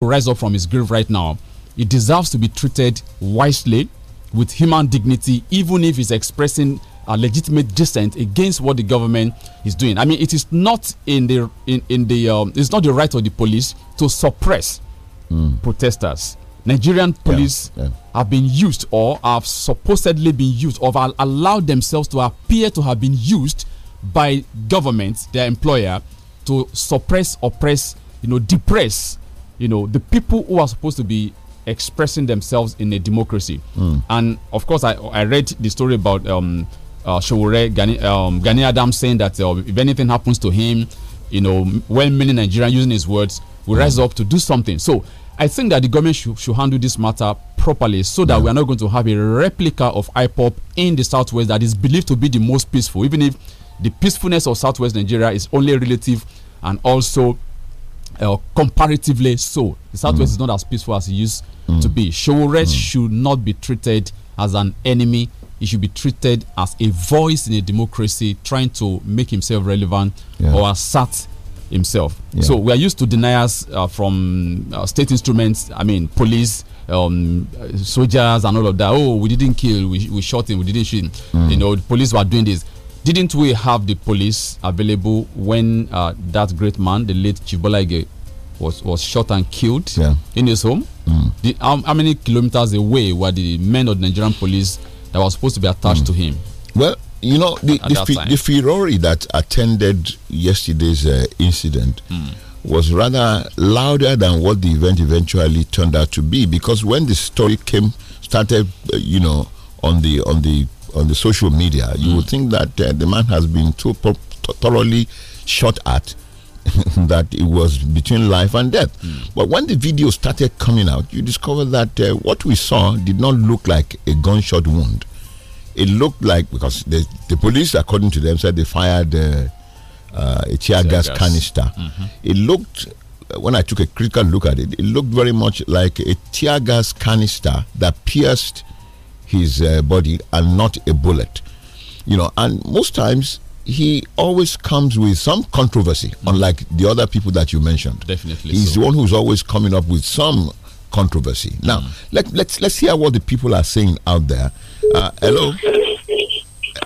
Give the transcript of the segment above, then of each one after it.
rise up from his grave right now. He deserves to be treated wisely with human dignity, even if he's expressing a legitimate dissent against what the government is doing. I mean, it is not in the in, in the um, it's not the right of the police to suppress mm. protesters. Nigerian police yeah, yeah. have been used or have supposedly been used or have allowed themselves to appear to have been used by government, their employer, to suppress, oppress, you know, depress you know, the people who are supposed to be expressing themselves in a democracy. Mm. And of course, I, I read the story about um, uh, Showore Gani, um, Gani Adam saying that uh, if anything happens to him, you know, well meaning Nigerian using his words, will mm. rise up to do something. So I think that the government should, should handle this matter properly so that yeah. we are not going to have a replica of IPOP in the southwest that is believed to be the most peaceful, even if the peacefulness of southwest Nigeria is only relative and also uh, comparatively so. The Southwest mm. is not as peaceful as it used mm. to be. Showores mm. should not be treated as an enemy. He should be treated as a voice in a democracy trying to make himself relevant yeah. or assert himself. Yeah. So we are used to deniers uh, from uh, state instruments, I mean, police, um, uh, soldiers, and all of that. Oh, we didn't kill, we, we shot him, we didn't shoot him. Mm. You know, the police were doing this. Didn't we have the police available when uh, that great man, the late Chibolage, was, was shot and killed yeah. in his home? Mm. The, how, how, many kilometers away were the men of the Nigerian police that were supposed to be attached mm. to him? Well, you know, the, the, the, the that attended yesterday's uh, incident mm. was rather louder than what the event eventually turned out to be because when the story came, started, uh, you know, on the on the on the social media, you mm. would hmm. think that uh, the man has been too thoroughly shot at that it was between life and death. Mm. But when the video started coming out, you discover that uh, what we saw did not look like a gunshot wound. It looked like because the, the police, according to them, said they fired uh, uh, a tear, gas, gas, canister. Mm -hmm. It looked, uh, when I took a critical look at it, it looked very much like a tear gas canister that pierced his uh, body and not a bullet. You know, and most times he always comes with some controversy, mm. unlike the other people that you mentioned. Definitely, he's so. the one who's always coming up with some controversy. Mm. Now, mm. let, let's let's hear what the people are saying out there. Uh, hello,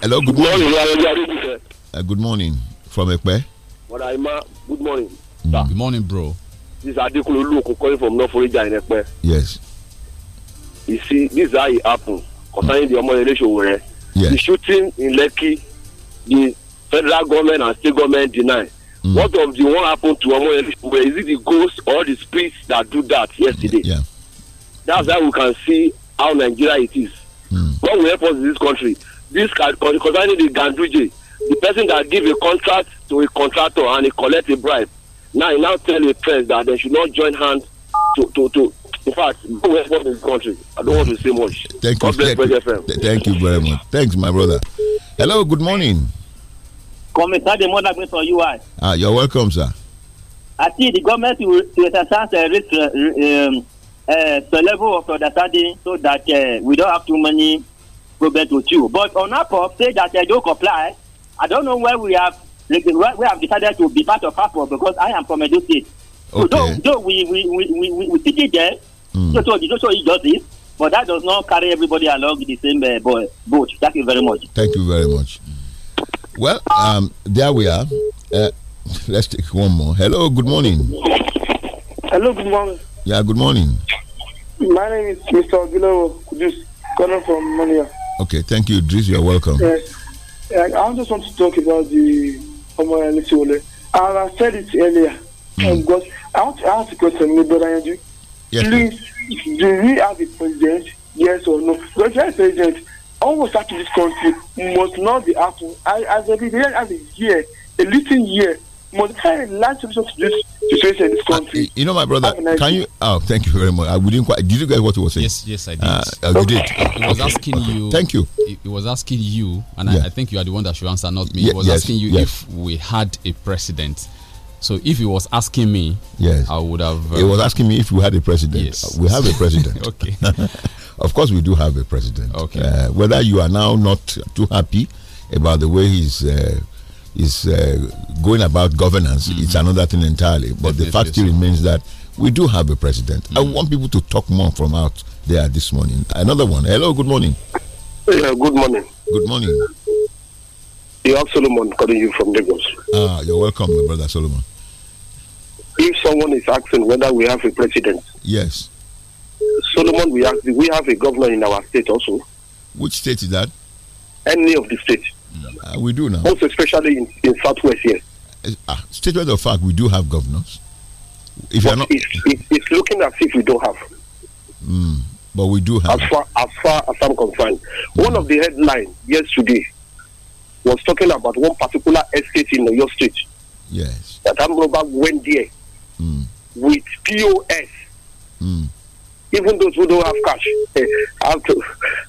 hello. Good morning. Uh, good morning from Ekpe. Good morning. Mm. Good morning, bro. This is Adekunle Luke calling from North Florida in Ekpe. Yes. You see, this is how it happened concerning the Omodele Showore. Yes. The shooting in Lekki, the federal government and state government deny. Mm. What of the one happened to Omodele Showore? Is it the ghost or the spirits that do that yesterday? Yeah. That's how we can see how Nigeria it is. Mm. What will help us in this country? This concerning the Ganduje, the person that give a contract to a contractor and he collect a bribe. Now he now tell the press that they should not join hands to to to in fact, what is the country. I don't want to say much. Thank God you. Bless thank, th thank you very much. Thanks, my brother. Hello, good morning. Come inside. the mother for you. UI. Ah, you're welcome, sir. I see the government will to exercise a risk, uh, um, uh, the level of understanding so that uh, we don't have too many problems with you. But on our say that they don't comply. I don't know where we have we have decided to be part of APO because I am from Edo State. Okay. So though, though we we we we, we, we sit there Mm. So, so, the is but that does not carry everybody along the same uh, boat. Thank you very much. Thank you very much. Well, um, there we are. Uh, let's take one more. Hello, good morning. Hello, good morning. Yeah, good morning. My name is Mr. Ogilo Kudus, calling from Mania. Okay, thank you, Driz. You're welcome. Yes. Uh, I just want to talk about the Omo Elisiwole. I said it earlier. Mm. Um, because I want to ask a question, brother Yes, please, do we have a president? Yes or no? Because president, almost after this country must not be after. I, as a president, as a year, a little year, must have a large solution to this situation in this ah, country. Uh, you know, my brother, can you? Oh, thank you very much. I wouldn't quite. Did you get what he was saying? Yes, yes, I did. Ah, uh, okay. You did. He was asking okay. you. Thank you. It was asking you, and yeah. I, I, think you are the one that should answer, not me. It was yes, asking you yes. if we had a president so if he was asking me, yes, I would have. Uh, he was uh, asking me if we had a president. Yes. we have a president. okay. of course, we do have a president. Okay. Uh, whether you are now not too happy about the way he's uh, is uh, going about governance, mm -hmm. it's another thing entirely. But the fact still remains that we do have a president. Mm -hmm. I mm-hmm. want people to talk more from out there this morning. Another one. Hello. Good morning. Yeah, good morning. Good morning. You have Solomon calling you from Lagos. Ah, you're welcome, my brother Solomon if someone is asking whether we have a president, yes, Solomon, we have we have a governor in our state also. Which state is that? Any of the states. Mm, uh, we do now. Also, especially in, in Southwest, yes. Uh, statement of fact, we do have governors. If you're not, it's, it's, it's, looking as if we don't have. Mm, but we do have. As far as far as I'm concerned, mm. one of the headlines yesterday was talking about one particular estate in your State. Yes. That I'm Amrobag went there mm. with POS. Mm. Even those who don't have cash eh, have to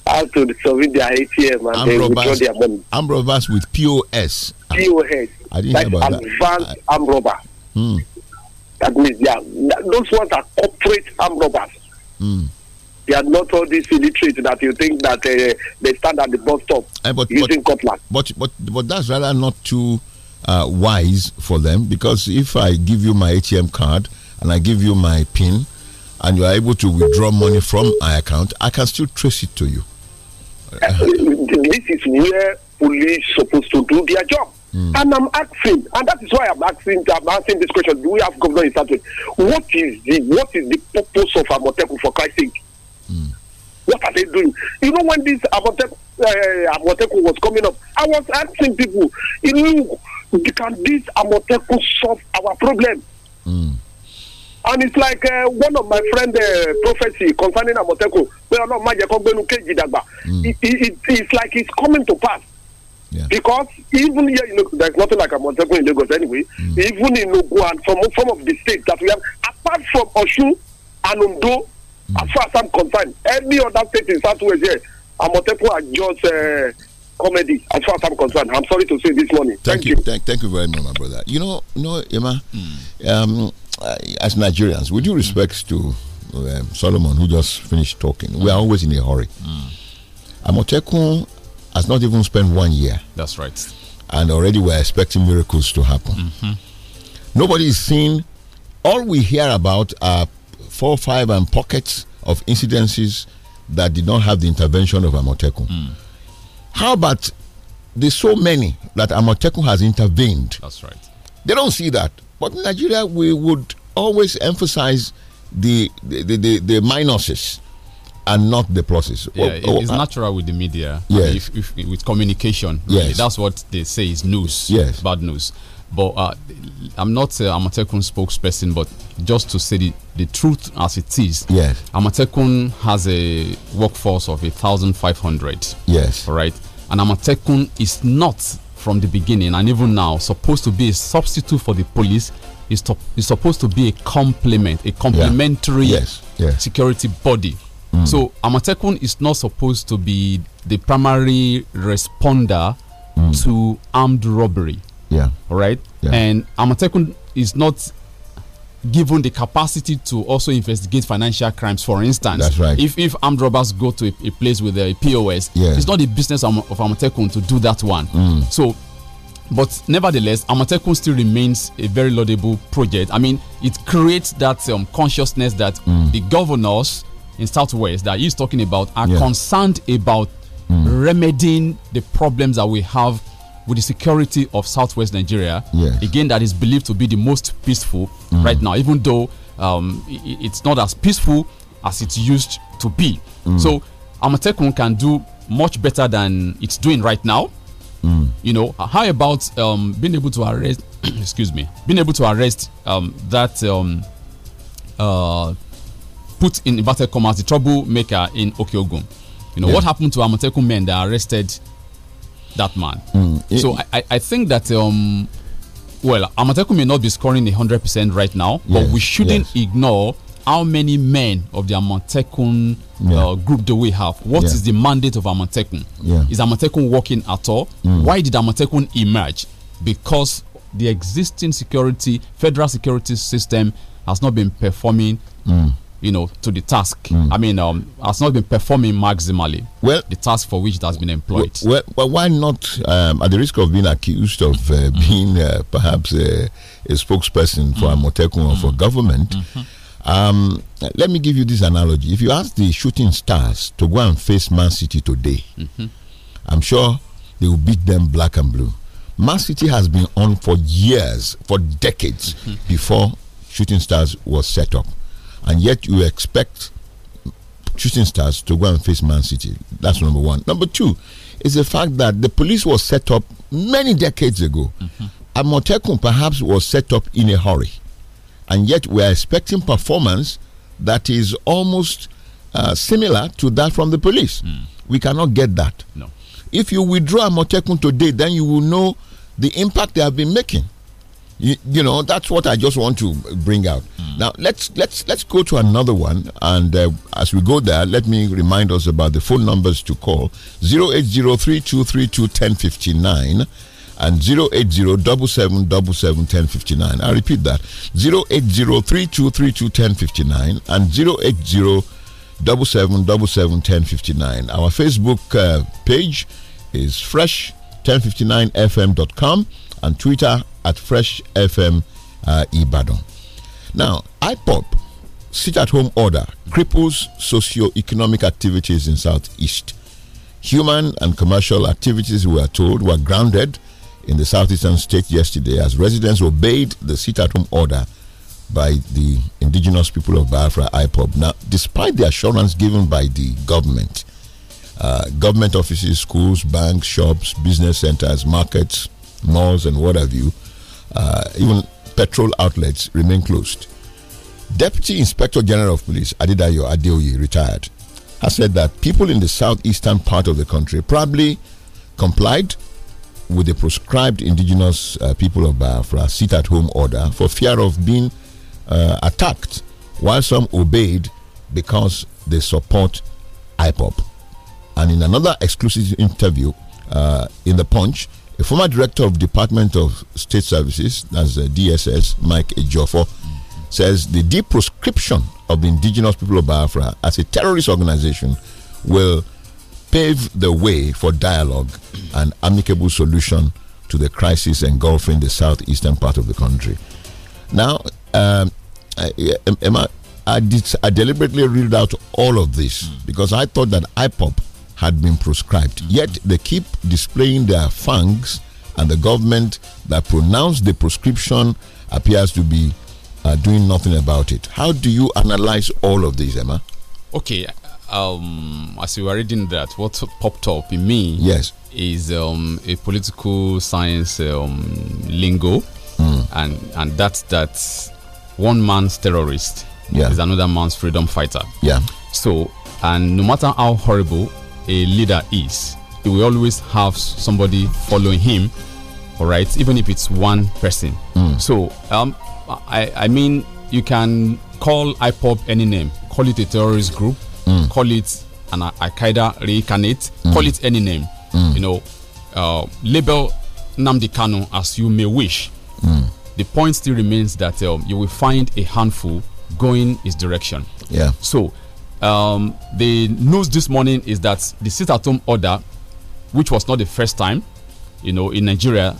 have to submit their ATM and then withdraw their money. Arm with POS. POS. I didn't hear about advanced that. Mm. That means they are, those ones are corporate arm Mm. They are not all these illiterate that you think that uh, they stand at the bus stop uh, but, using but, cutlass. But, but, but that's rather not too uh, wise for them because if I give you my ATM card and I give you my PIN and you are able to withdraw money from my account, I can still trace it to you. this is where police supposed to do their job. Mm. And I'm asking, and that is why I'm asking, I'm asking this question. Do we have government in Saturday? What is the what is the purpose of Amoteku for Christ's sake? Mm. What are they doing? You know when this Amoteku, uh, Amoteku was coming up, I was asking people, you know, can this Amotekun solve our problem? Mm. And it's like uh, one of my friend uh, prophecy concerning Amotekun, pé ọlọ́run má jẹ́ hmm. It's like it's coming to pass. Yeah. Because even here, you know, there's nothing like Amotekun in Lagos anyway. Mm. Even in Ogun and some, some of the states that we have, apart from Osun and Ondo, mm. as far as I'm concerned, any other state in Southwest here, Amotekun are just. Uh, comedy as far as I'm concerned. I'm sorry to say this morning. Thank, thank you. you. Thank, thank you very much, my brother. You know, you know, Emma, mm. um, as Nigerians, with due respect to um, Solomon, who just finished talking, we are always in a hurry. Mm. Amotekun has not even spent one year. That's right. And already we're expecting miracles to happen. Mm -hmm. Nobody is seeing. All we hear about are four, five, and pockets of incidences that did not have the intervention of Amotekun. Mm. How about the so many that Amateku has intervened? That's right. They don't see that. But in Nigeria, we would always emphasize the the, the, the, the minuses and not the pluses. Yeah, oh, it's oh, uh, natural with the media. Yes. If, if, with communication. Really. Yes. That's what they say is news. Yes. Bad news. But uh, I'm not a Amatekun spokesperson, but just to say the, the truth as it is, yes. Amatekun has a workforce of 1,500. Yes. Right? And Amatekun is not from the beginning and even now supposed to be a substitute for the police. Is, is supposed to be a complement, a complementary yeah. yes. yes. security body. Mm. So Amatekun is not supposed to be the primary responder mm. to armed robbery. Yeah. All right. Yeah. And Amatekun is not given the capacity to also investigate financial crimes. For instance, that's right. If if armed robbers go to a, a place with a POS, yeah. it's not the business of, of Amatekun to do that one. Mm. So. But nevertheless, Amatekun still remains a very laudable project. I mean, it creates that um, consciousness that mm. the governors in Southwest that he's talking about are yeah. concerned about mm. remedying the problems that we have with the security of southwest Nigeria. Yes. Again, that is believed to be the most peaceful mm. right now, even though um, it's not as peaceful as it used to be. Mm. So, Amatekun can do much better than it's doing right now. Mm. You know, uh, how about um, being able to arrest? excuse me, being able to arrest um, that um, uh, put in inverted commas the troublemaker in Okigum. You know yeah. what happened to Amatekun men that arrested that man. Mm. So I, I think that um, well, Amateku may not be scoring hundred percent right now, yes. but we shouldn't yes. ignore how many men of the Amateku uh, yeah. uh, group do we have? What yeah. is the mandate of Amateku? Yeah. Is Amateku working at all? Mm. Why did Amateku emerge? Because the existing security, federal security system has not been performing mm you know, to the task. Mm. I mean, um, has not been performing maximally. Well, the task for which it has been employed. Well, well why not? Um, at the risk of being accused of uh, mm. being uh, perhaps a, uh, a, spokesperson for mm. or for mm. government. -hmm. Um, let me give you this analogy. If you ask the shooting stars to go and face Man City today, -hmm. I'm sure they will beat them black and blue. Man City has been on for years, for decades, -hmm. before Shooting Stars was set up and yet you expect shooting stars to go and face Man City. That's number one. Number two is the fact that the police was set up many decades ago. Mm -hmm. Amotekun perhaps was set up in a hurry, and yet we are expecting performance that is almost uh, similar to that from the police. Mm. We cannot get that. No. If you withdraw Amotekun today, then you will know the impact they have been making. You, you know that's what I just want to bring out. Mm. Now let's let's let's go to another one, and uh, as we go there, let me remind us about the phone numbers to call: zero eight zero three two three two ten fifty nine and 80 I repeat that. 80 and 80 Our Facebook uh, page is fresh1059fm.com and Twitter at Fresh FM uh, Ibadan. Now, IPOP sit at home order cripples socio-economic activities in southeast. Human and commercial activities, we are told, were grounded in the southeastern state yesterday as residents obeyed the sit at home order by the indigenous people of Biafra IPOB. Now, despite the assurance given by the government, uh, government offices, schools, banks, shops, business centers, markets, malls and what have you, uh, even petrol outlets remain closed. Deputy Inspector General of Police Adidayo Adeoye, retired, has said that people in the southeastern part of the country probably complied with the proscribed indigenous uh, people of Biafra sit at home order for fear of being uh, attacked, while some obeyed because they support IPOP. And in another exclusive interview uh, in The Punch, a former director of Department of State Services, that's the uh, DSS, Mike Ejofo, says the deproscription of the indigenous people of Biafra as a terrorist organization will pave the way for dialogue and amicable solution to the crisis engulfing the southeastern part of the country. Now, um, I, I, I, did, I, deliberately read out all of this because I thought that IPOP had been proscribed, Mm -hmm. Yet they keep displaying their fangs, and the government that pronounced the prescription appears to be uh, doing nothing about it. How do you analyze all of this, Emma? Okay, um, as you were reading that, what popped up in me yes. is um, a political science um, lingo, mm. and and that's that one man's terrorist yeah. is another man's freedom fighter. Yeah. So, and no matter how horrible a leader is, he will always have somebody following him, all right, even if it's one person. Mm. So, um, I, I mean, you can call IPOP any name, call it a terrorist group, mm. call it an Al Qaeda reincarnate, mm. call it any name, hmm. you know, uh, label Namdi Kano as you may wish. Hmm. The point still remains that um, you will find a handful going his direction. Yeah. So um, the news this morning is that the sit at home order, which was not the first time, you know, in Nigeria,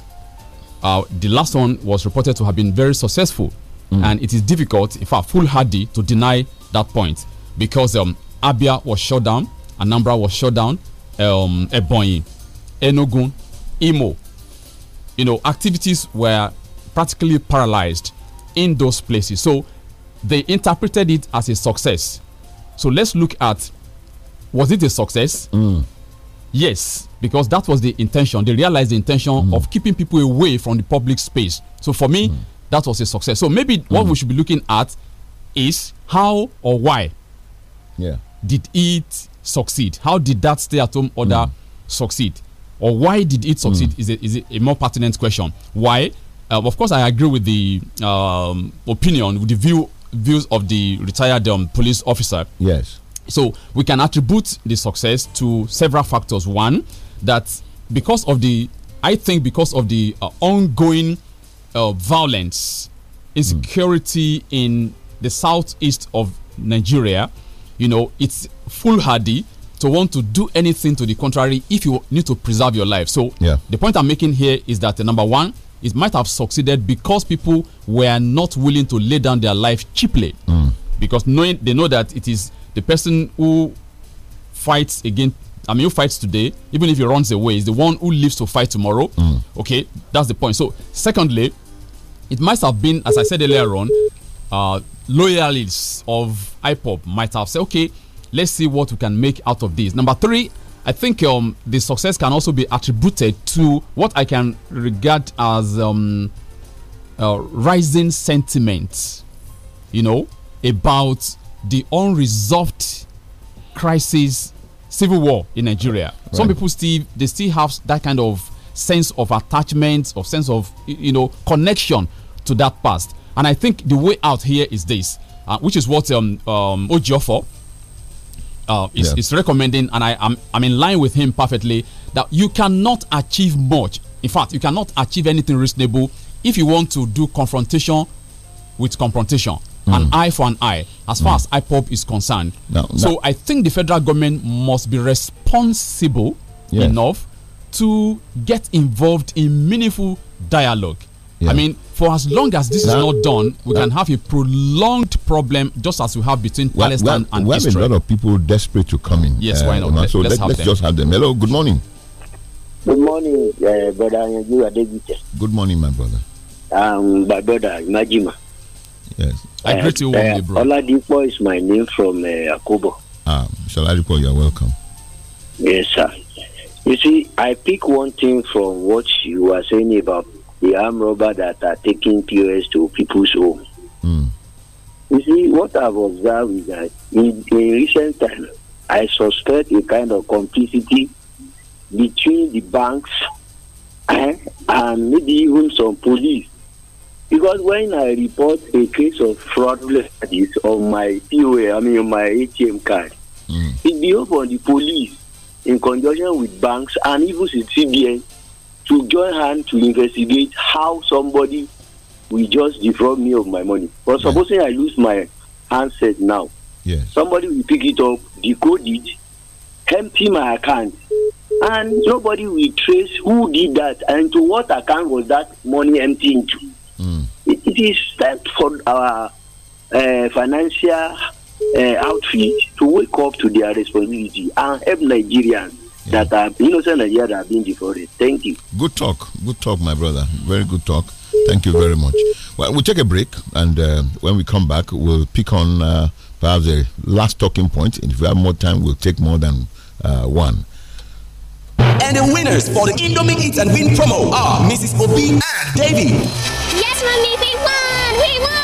uh, the last one was reported to have been very successful. Mm. And it is difficult, in fact, foolhardy to deny that point because um, Abia was shut down, Anambra was shut down, um, Ebonyi, Enugu, Imo. You know, activities were practically paralyzed in those places. So they interpreted it as a success. So let's look at was it a success? Mm. Yes, because that was the intention. They realized the intention mm. of keeping people away from the public space. So for me, mm. that was a success. So maybe what mm. we should be looking at is how or why yeah. did it succeed? How did that stay at home order mm. succeed? Or why did it succeed mm. is, it is it a more pertinent question. Why? Uh, of course, I agree with the um, opinion, with the view views of the retired um, police officer. Yes. So we can attribute the success to several factors. One, that because of the, I think because of the uh, ongoing uh, violence, hmm. insecurity mm. in the southeast of Nigeria, you know, it's foolhardy to want to do anything to the contrary if you need to preserve your life. So yeah. the point I'm making here is that uh, number one, it might have succeeded because people were not willing to lay down their life cheaply. Mm. Because knowing they know that it is the person who fights again. I mean, who fights today, even if he runs away, is the one who lives to fight tomorrow. Mm. Okay, that's the point. So, secondly, it might have been, as I said earlier on, uh, loyalists of IPOP might have said, okay, let's see what we can make out of this. Number three, I think um, the success can also be attributed to what I can regard as um, uh, rising sentiment, you know, about the unresolved crisis, civil war in Nigeria. Right. Some people still they still have that kind of sense of attachment, of sense of you know connection to that past. And I think the way out here is this, uh, which is what um, um, uh, is, yeah. is recommending, and I am I'm in line with him perfectly that you cannot achieve much. In fact, you cannot achieve anything reasonable if you want to do confrontation with confrontation. Mm. An eye for an eye, as mm. far as IPOP is concerned. No, so I think the federal government must be responsible yes. enough to get involved in meaningful dialogue yeah. I mean, for as long as this now, is not done, we now, can have a prolonged problem, just as we have between well, Palestine well, and we Israel. We have a lot of people desperate to come in. Yes, uh, why not? Let, so let's, let, us just have them. Hello, good morning. Good morning, uh, brother. You are David. Good morning, my brother. Um, my brother, Majima. Yes, I uh, greet you warmly, uh, bro. Oladipo is my name from uh, Akobo. Ah, shall I report? You're welcome. Yes, sir. You see, I pick one thing from what you were saying about the armed robbers that are taking POS to people's home. Mm. You see, what I've observed is that in, in recent times, I suspect a kind of complicity between the banks and, eh, and maybe even some police. Because when I report a case of fraudulent studies on my POA, I mean on my ATM card, mm. it be up on the police in conjunction with banks and even with CBN to join hands to investigate how somebody will just defraud me of my money. But yeah. supposing I lose my handset now, yes. somebody will pick it up, decode it, empty my account, and nobody will trace who did that and to what account was that money emptied into. Mm. It, it is time for our uh, financial uh, eh, outfit to wake up to their responsibility and help Nigerians yeah. are innocent Nigerians that uh, have been defrauded. Thank you. Good talk. Good talk, my brother. Very good talk. Thank you very much. Well, we'll take a break, and uh, when we come back, we'll pick on uh, perhaps the last talking point. And if we have more time, we'll take more than uh, one. And the winners for the Indomie Eat and Win promo are Mrs. Obi and Davy. Yes, mommy, we won! We won!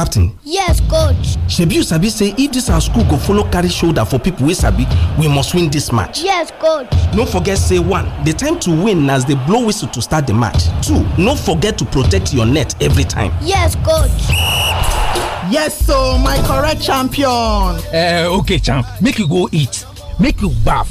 captain yes coach shebi you sabi say if this our school go follow carry shoulder for people, wey sabi we must win this match yes coach no forget say one the time to win na as they blow whistle to start the match two no forget to protect your net every time yes coach yes so my correct champion Uh, okay champ make you go eat make you baff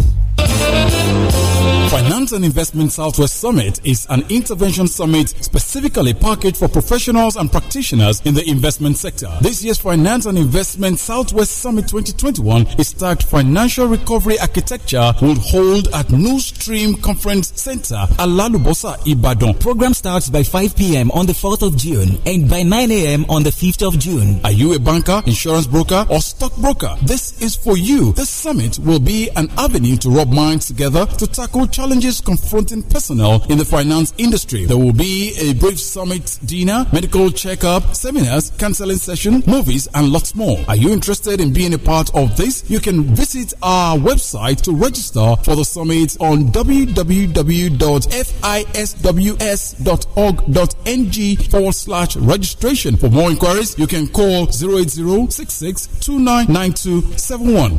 Finance and Investment Southwest Summit is an intervention summit specifically packaged for professionals and practitioners in the investment sector. This year's Finance and Investment Southwest Summit 2021 is tagged Financial Recovery Architecture will hold at New Stream Conference Center, Alalubosa, Ibadan. Program starts by 5 p.m. on the 4th of June and by 9 a.m. on the 5th of June. Are you a banker, insurance broker, or stockbroker? This is for you. This summit will be an avenue to rob minds together to tackle challenges confronting personnel in the finance industry. There will be a brief summit dinner, medical checkup, seminars, counseling session, movies, and lots more. Are you interested in being a part of this? You can visit our website to register for the summit on www.fisws.org.ng forward slash registration. For more inquiries, you can call 080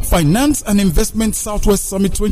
Finance and Investment Southwest Summit 20.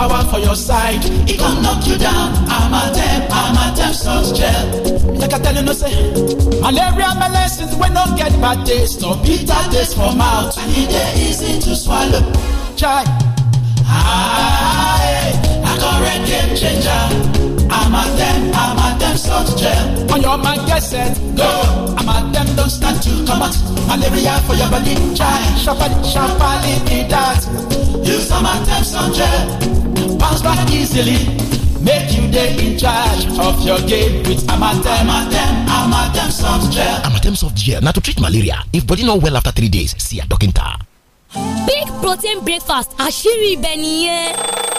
power for your side. it gon' knock you down. I'm a them, I'm a them, such gel. Like I tell you, no say. Malaria, malaise, we don't get bad taste. No bitter taste for mouth. And it easy to swallow. Chai. I got red game changer. I'm a them, I'm a them, such gel. On your mind, get it. go. I'm a them, don't stand to come out. Malaria for your body, chai. Shapali, shapali, be that. Use some of them, such gel. bounce back easily make you dey in charge of your game with amatem amatem amatem soft gel. amatem soft gel na to treat malaria if body no well after three days see a doctor. big protein breakfast àṣírí ibẹ̀ nìyẹn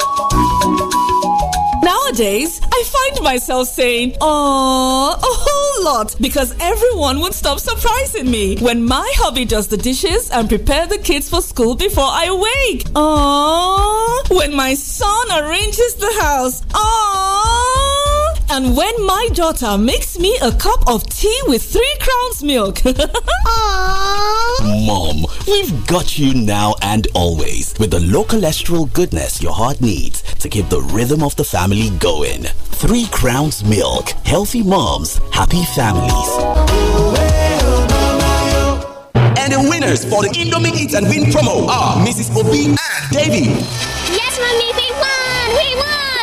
Nowadays, I find myself saying, "Aww," a whole lot because everyone would stop surprising me when my hubby does the dishes and prepare the kids for school before I wake. "Aww," when my son arranges the house. "Aww." and when my daughter makes me a cup of tea with three crowns milk. Aww. Mom, we've got you now and always with the low cholesterol goodness your heart needs to keep the rhythm of the family going. Three crowns milk. Healthy moms, happy families. And the winners for the Indomie Eat and Win promo are Mrs. Obi and Davy. Yes, mommy, we won! We won!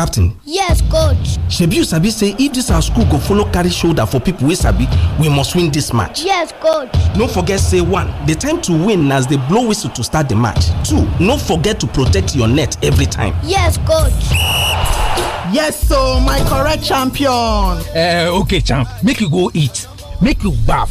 captain yes coach shebi you sabi say if this our school go follow carry shoulder for people, wey sabi we must win this match yes coach no forget say one the time to win na as they blow whistle to start the match two no forget to protect your net every time yes coach yes so my correct champion Uh, okay champ make you go eat make you baff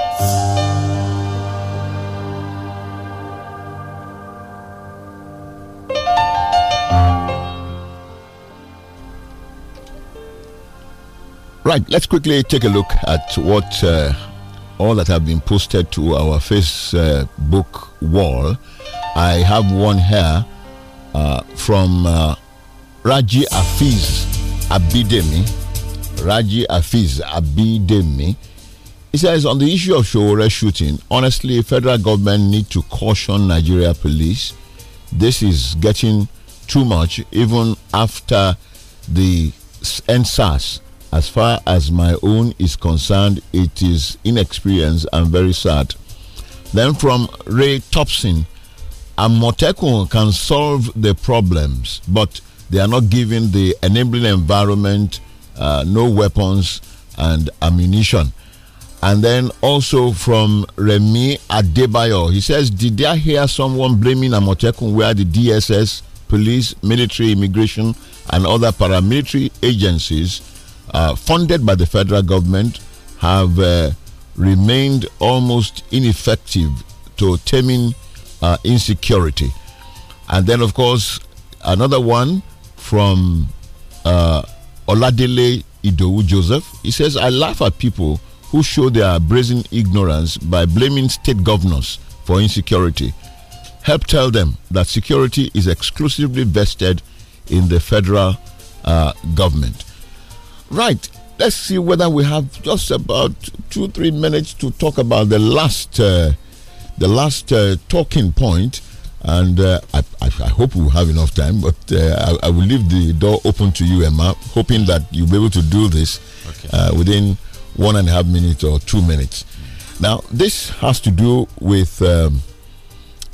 Right, let's quickly take a look at what uh, all that have been posted to our Facebook wall. I have one here uh, from uh, Raji Afiz Abidemi. Raji Afiz Abidemi. He says on the issue of Showore shooting, honestly, federal government need to caution Nigeria police. This is getting too much, even after the NSAS as far as my own is concerned, it is inexperienced and very sad. Then from Ray Thompson, Amotekun can solve the problems, but they are not given the enabling environment, uh, no weapons and ammunition. And then also from Remy Adebayo, he says, Did I hear someone blaming Amotekun where the DSS, police, military, immigration, and other paramilitary agencies uh, funded by the federal government have uh, remained almost ineffective to taming uh, insecurity. And then, of course, another one from uh, Oladele Idowu Joseph. He says, I laugh at people who show their brazen ignorance by blaming state governors for insecurity. Help tell them that security is exclusively vested in the federal uh, government. Right. Let's see whether we have just about two, three minutes to talk about the last, uh, the last uh, talking point, and uh, I, I, I, hope we will have enough time. But uh, I, I, will leave the door open to you, Emma, hoping that you'll be able to do this okay. Uh, within one and a half minutes or two minutes. Now, this has to do with um,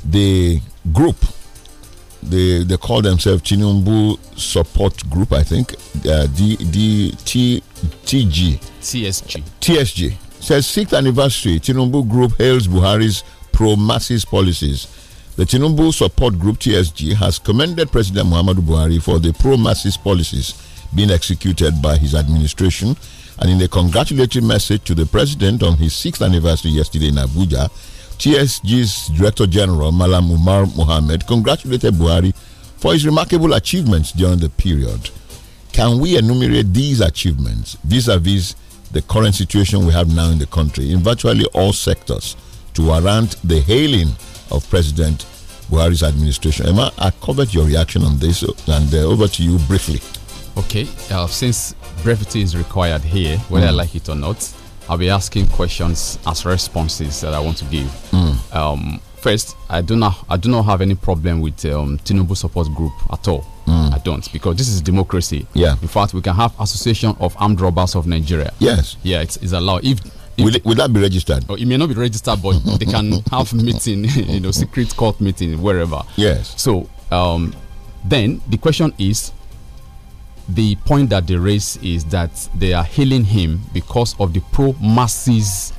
the group they they call themselves Chinumbu Support Group, I think. Uh, TSG. TSG. Says sixth anniversary, Chinumbu Group hails Buhari's pro masses policies. The Chinumbu Support Group TSG has commended President Muhammadu Buhari for the pro masses policies being executed by his administration. And in a congratulatory message to the president on his sixth anniversary yesterday in Abuja, TSG's Director General, Malam Umar Mohammed, congratulated Buhari for his remarkable achievements during the period. Can we enumerate these achievements vis a vis the current situation we have now in the country in virtually all sectors to warrant the hailing of President Buhari's administration? Emma, I covered your reaction on this and uh, over to you briefly. Okay, uh, since brevity is required here, whether mm. I hmm. like it or not, I'll be asking questions as responses that I want to give. Mm. Um, first, I do not I do not have any problem with um, Tinubu support group at all. Mm. I don't because this is democracy. Yeah. In fact, we can have association of armed robbers of Nigeria. Yes. Yeah, it's, it's allowed. If if, will, it, will, that be registered? Oh, it may not be registered, but they can have meeting, you know, secret court meeting wherever. Yes. So um, then the question is, the point that they raise is that they are hailing him because of the pro masses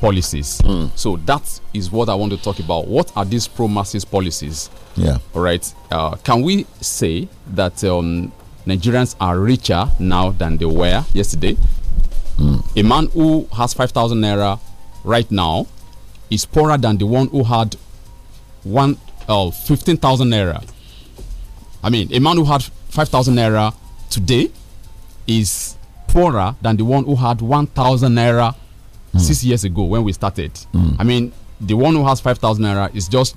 policies. Mm. So that is what I want to talk about. What are these pro masses policies? Yeah. All right. Uh, can we say that um, Nigerians are richer now than they were yesterday? Mm. A man who has 5,000 naira right now is poorer than the one who had one uh, 15,000 naira. I mean, a man who had 5,000 naira today is poorer than the one who had 1,000 naira mm. six hmm. years ago when we started. Mm. I mean, the one who has 5,000 naira is just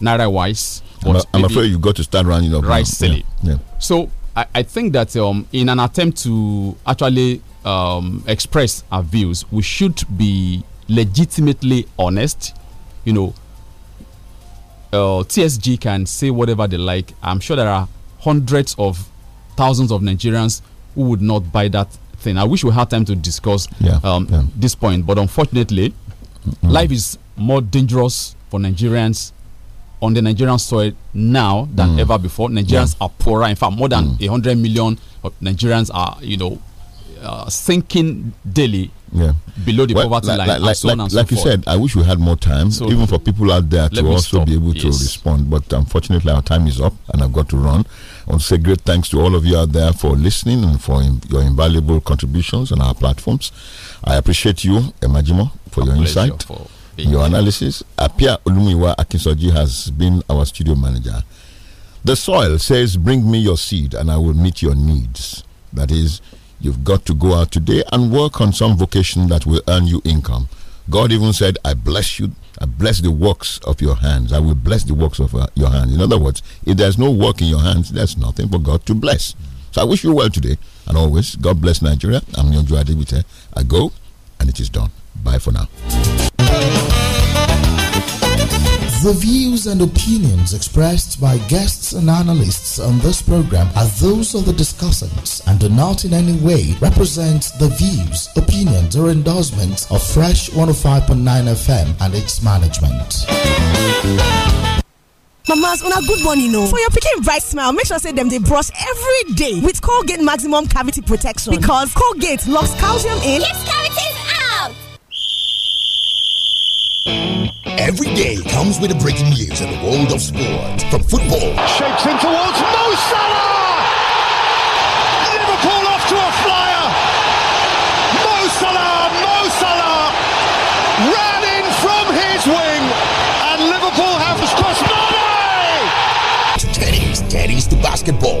naira wise. I'm, I'm afraid you've got to start running up. Right, silly. Yeah. yeah. So I, I, think that um, in an attempt to actually um, express our views, we should be legitimately honest. You know, uh, TSG can say whatever they like. I'm sure there are hundreds of thousands of Nigerians who would not buy that thing. I wish we had time to discuss yeah, um, yeah. this point, but unfortunately, mm. life is more dangerous for Nigerians on the Nigerian soil now than mm. ever before. Nigerians yeah. are poorer. In fact, more than mm. 100 million Nigerians are, you know, uh, sinking daily yeah. below the well, poverty like, line, like, and so like, on and so like forth. you said, I wish we had more time, so, even for people out there to also stop. be able yes. to respond. But unfortunately, our time is up, and I've got to run. I want to say great thanks to all of you out there for listening and for in, your invaluable contributions on our platforms. I appreciate you, Emajimo, for A your insight, for your analysis. Apia Olumiwa Akinsoji has been our studio manager. The soil says, "Bring me your seed, and I will meet your needs." That is You've got to go out today and work on some vocation that will earn you income. God even said, I bless you. I bless the works of your hands. I will bless the works of uh, your hands. In other words, if there's no work in your hands, there's nothing for God to bless. So I wish you well today. And always, God bless Nigeria. I'm Nyonjo Adibite. I go, and it is done. Bye for now. The views and opinions expressed by guests and analysts on this program are those of the discussants and do not in any way represent the views, opinions, or endorsements of Fresh 105.9 FM and its management. Mamas, on a good one, you know. For your picking bright smile, make sure say them they brush every day with Colgate Maximum Cavity Protection because Colgate locks calcium in. Keeps cavities out. Every day comes with a breaking news in the world of sports. From football, shapes in towards Mo Salah! Liverpool off to a flyer. Mo Salah, Mo Salah ran in from his wing, and Liverpool have crossed Mane. To tennis, tennis to basketball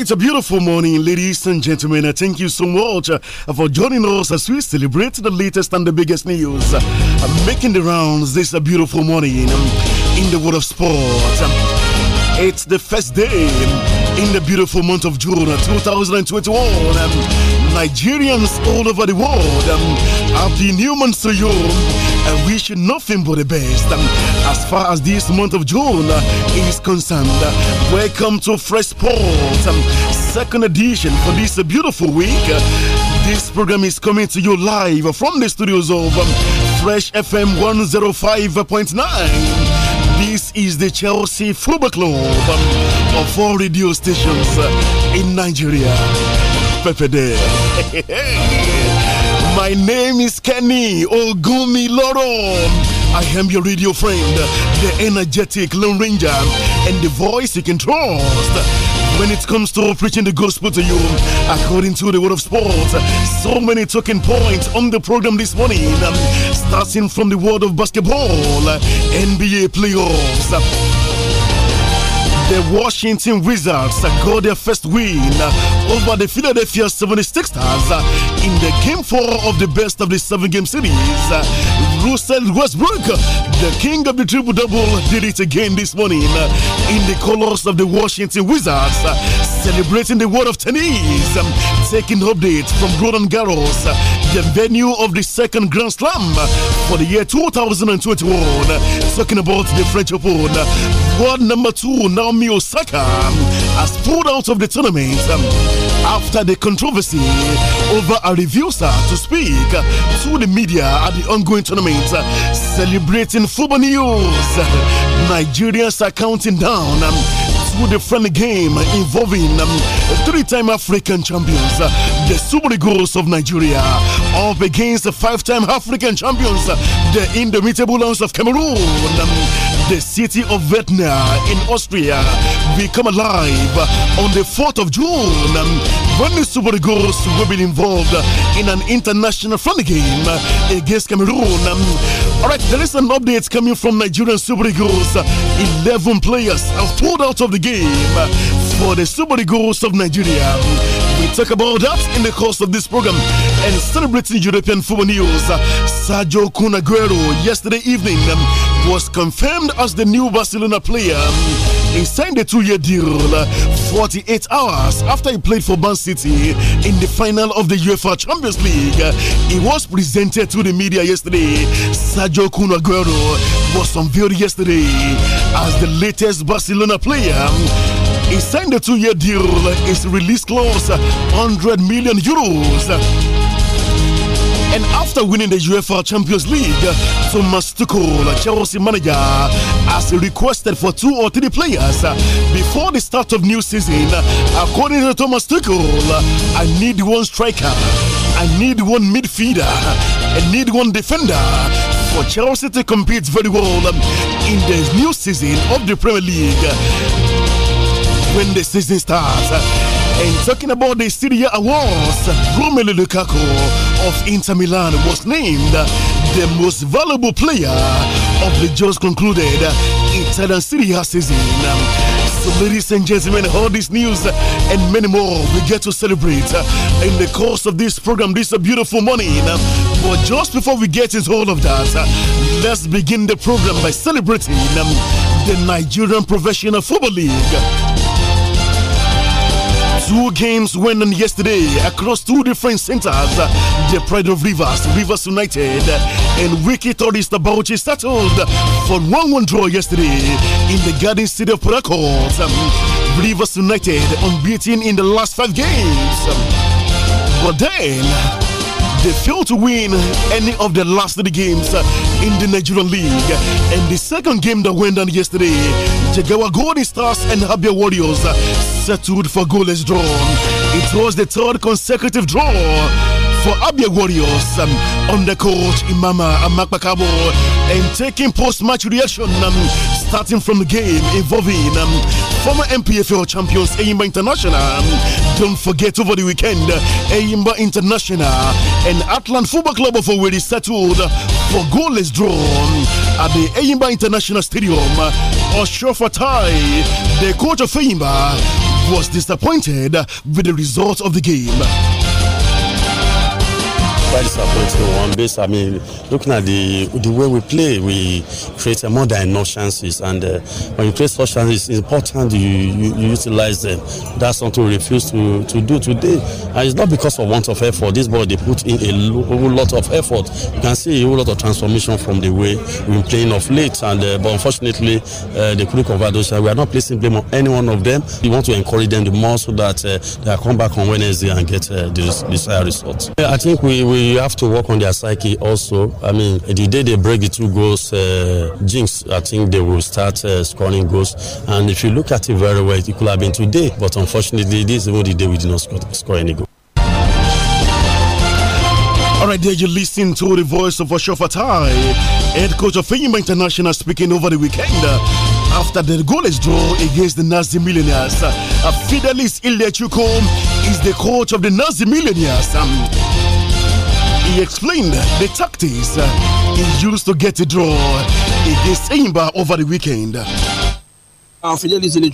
it's a beautiful morning, ladies and gentlemen. Thank you so much uh, for joining us as we celebrate the latest and the biggest news uh, making the rounds this uh, beautiful morning um, in the world of sport. It's the first day um, in the beautiful month of June 2021. Um, Nigerians all over the world. Um, happy Newman to you. Uh, I wish you nothing but the best. Um, as far as this month of June uh, is concerned, uh, welcome to Fresh Sports, um, second edition for this uh, beautiful week. Uh, this program is coming to you live from the studios of um, Fresh FM 105.9. This is the Chelsea Football Club um, of all radio stations uh, in Nigeria. My name is Kenny Ogumiloro. I am your radio friend, the energetic Lone Ranger, and the voice you can trust when it comes to preaching the gospel to you. According to the word of sports, so many talking points on the program this morning, starting from the world of basketball, NBA playoffs. The Washington Wizards got their first win over the Philadelphia 76ers in the game four of the best of the seven game series. Russell Westbrook, the king of the triple double, did it again this morning uh, in the colors of the Washington Wizards, uh, celebrating the world of tennis, um, taking updates from Roland Garros, uh, the venue of the second Grand Slam for the year 2021. Talking about the French Open, world number two Naomi Osaka um, has pulled out of the tournament um, after the controversy over a refusal to speak to the media at the ongoing tournament celebrating football news. Nigerians are counting down um, to the friendly game involving um, three-time African champions the Super Eagles of Nigeria up against the five-time African champions, the indomitable Lions of Cameroon. The city of Vetna in Austria become alive on the 4th of June when the Super Eagles will be involved in an international friendly game against Cameroon. All right, there is an update coming from Nigerian Super Eagles. 11 players have pulled out of the game for the Super Eagles of Nigeria talk about that in the course of this program. And celebrating European football news, Sergio Cunaguero yesterday evening um, was confirmed as the new Barcelona player. Um, he signed a two-year deal uh, 48 hours after he played for Man City in the final of the UEFA Champions League. He was presented to the media yesterday. Sergio Cunaguero was unveiled yesterday as the latest Barcelona player um, he signed a two-year deal. His release clause, 100 million euros. And after winning the UEFA Champions League, Thomas Tuchel, Chelsea manager, has requested for two or three players before the start of new season. According to Thomas Tuchel, I need one striker, I need one midfielder, I need one defender for Chelsea to compete very well in the new season of the Premier League when the season starts. And talking about the Serie Awards, Romelu Lukaku of Inter Milan was named the most valuable player of the just concluded Italian Serie season. So, ladies and gentlemen, all this news and many more we get to celebrate in the course of this program. This is a beautiful morning. But just before we get into all of that, let's begin the program by celebrating the Nigerian Professional Football League. Two games went on yesterday across two different centers. The Pride of Rivers, Rivers United, and Wiki Torista Bauchi settled for 1 1 draw yesterday in the Garden City of Port Rivers United unbeaten in the last five games. Well but then. They failed to win any of the last three games in the Nigerian League. And the second game that went on yesterday, Jagawa Golden Stars and Habia Warriors settled for goalless draw. It was the third consecutive draw for Abia Warriors um, under coach Imama Amakbakabo and taking post-match reaction um, starting from the game involving um, former MPFL champions Eyimba International. Um, don't forget over the weekend, Eyimba International and Atlant Football Club of Owerri settled for goalless draw at the Eyimba International Stadium. Osho Fatai, the coach of Eyimba, was disappointed with the result of the game quite disappointing one based, I mean, looking at the the way we play, we create more than enough chances. And uh, when you create such chances, it's important you, you, you, utilize them. That's something we refuse to, to do today. And it's not because of want of effort. This boy, they put in a whole lot of effort. You can see a whole lot of transformation from the way we've been playing of late. And uh, But unfortunately, uh, they could those. We are not placing blame on any one of them. We want to encourage them the more so that uh, they come back on Wednesday and get uh, desired result. I think we, we you have to work on their psyche also. I mean, the day they break the two goals, uh, jinx, I think they will start uh, scoring goals. And if you look at it very well, it could have been today, but unfortunately, this is the day we did not score, score any goal. All right, there you listen to the voice of Tai, head coach of FIMA International, speaking over the weekend uh, after the goalless draw against the Nazi Millionaires. Uh, Fidelis Ilya is the coach of the Nazi Millionaires. Um, he explained the tactics he used to get a draw against Imba over the weekend. Uh, Fidelis had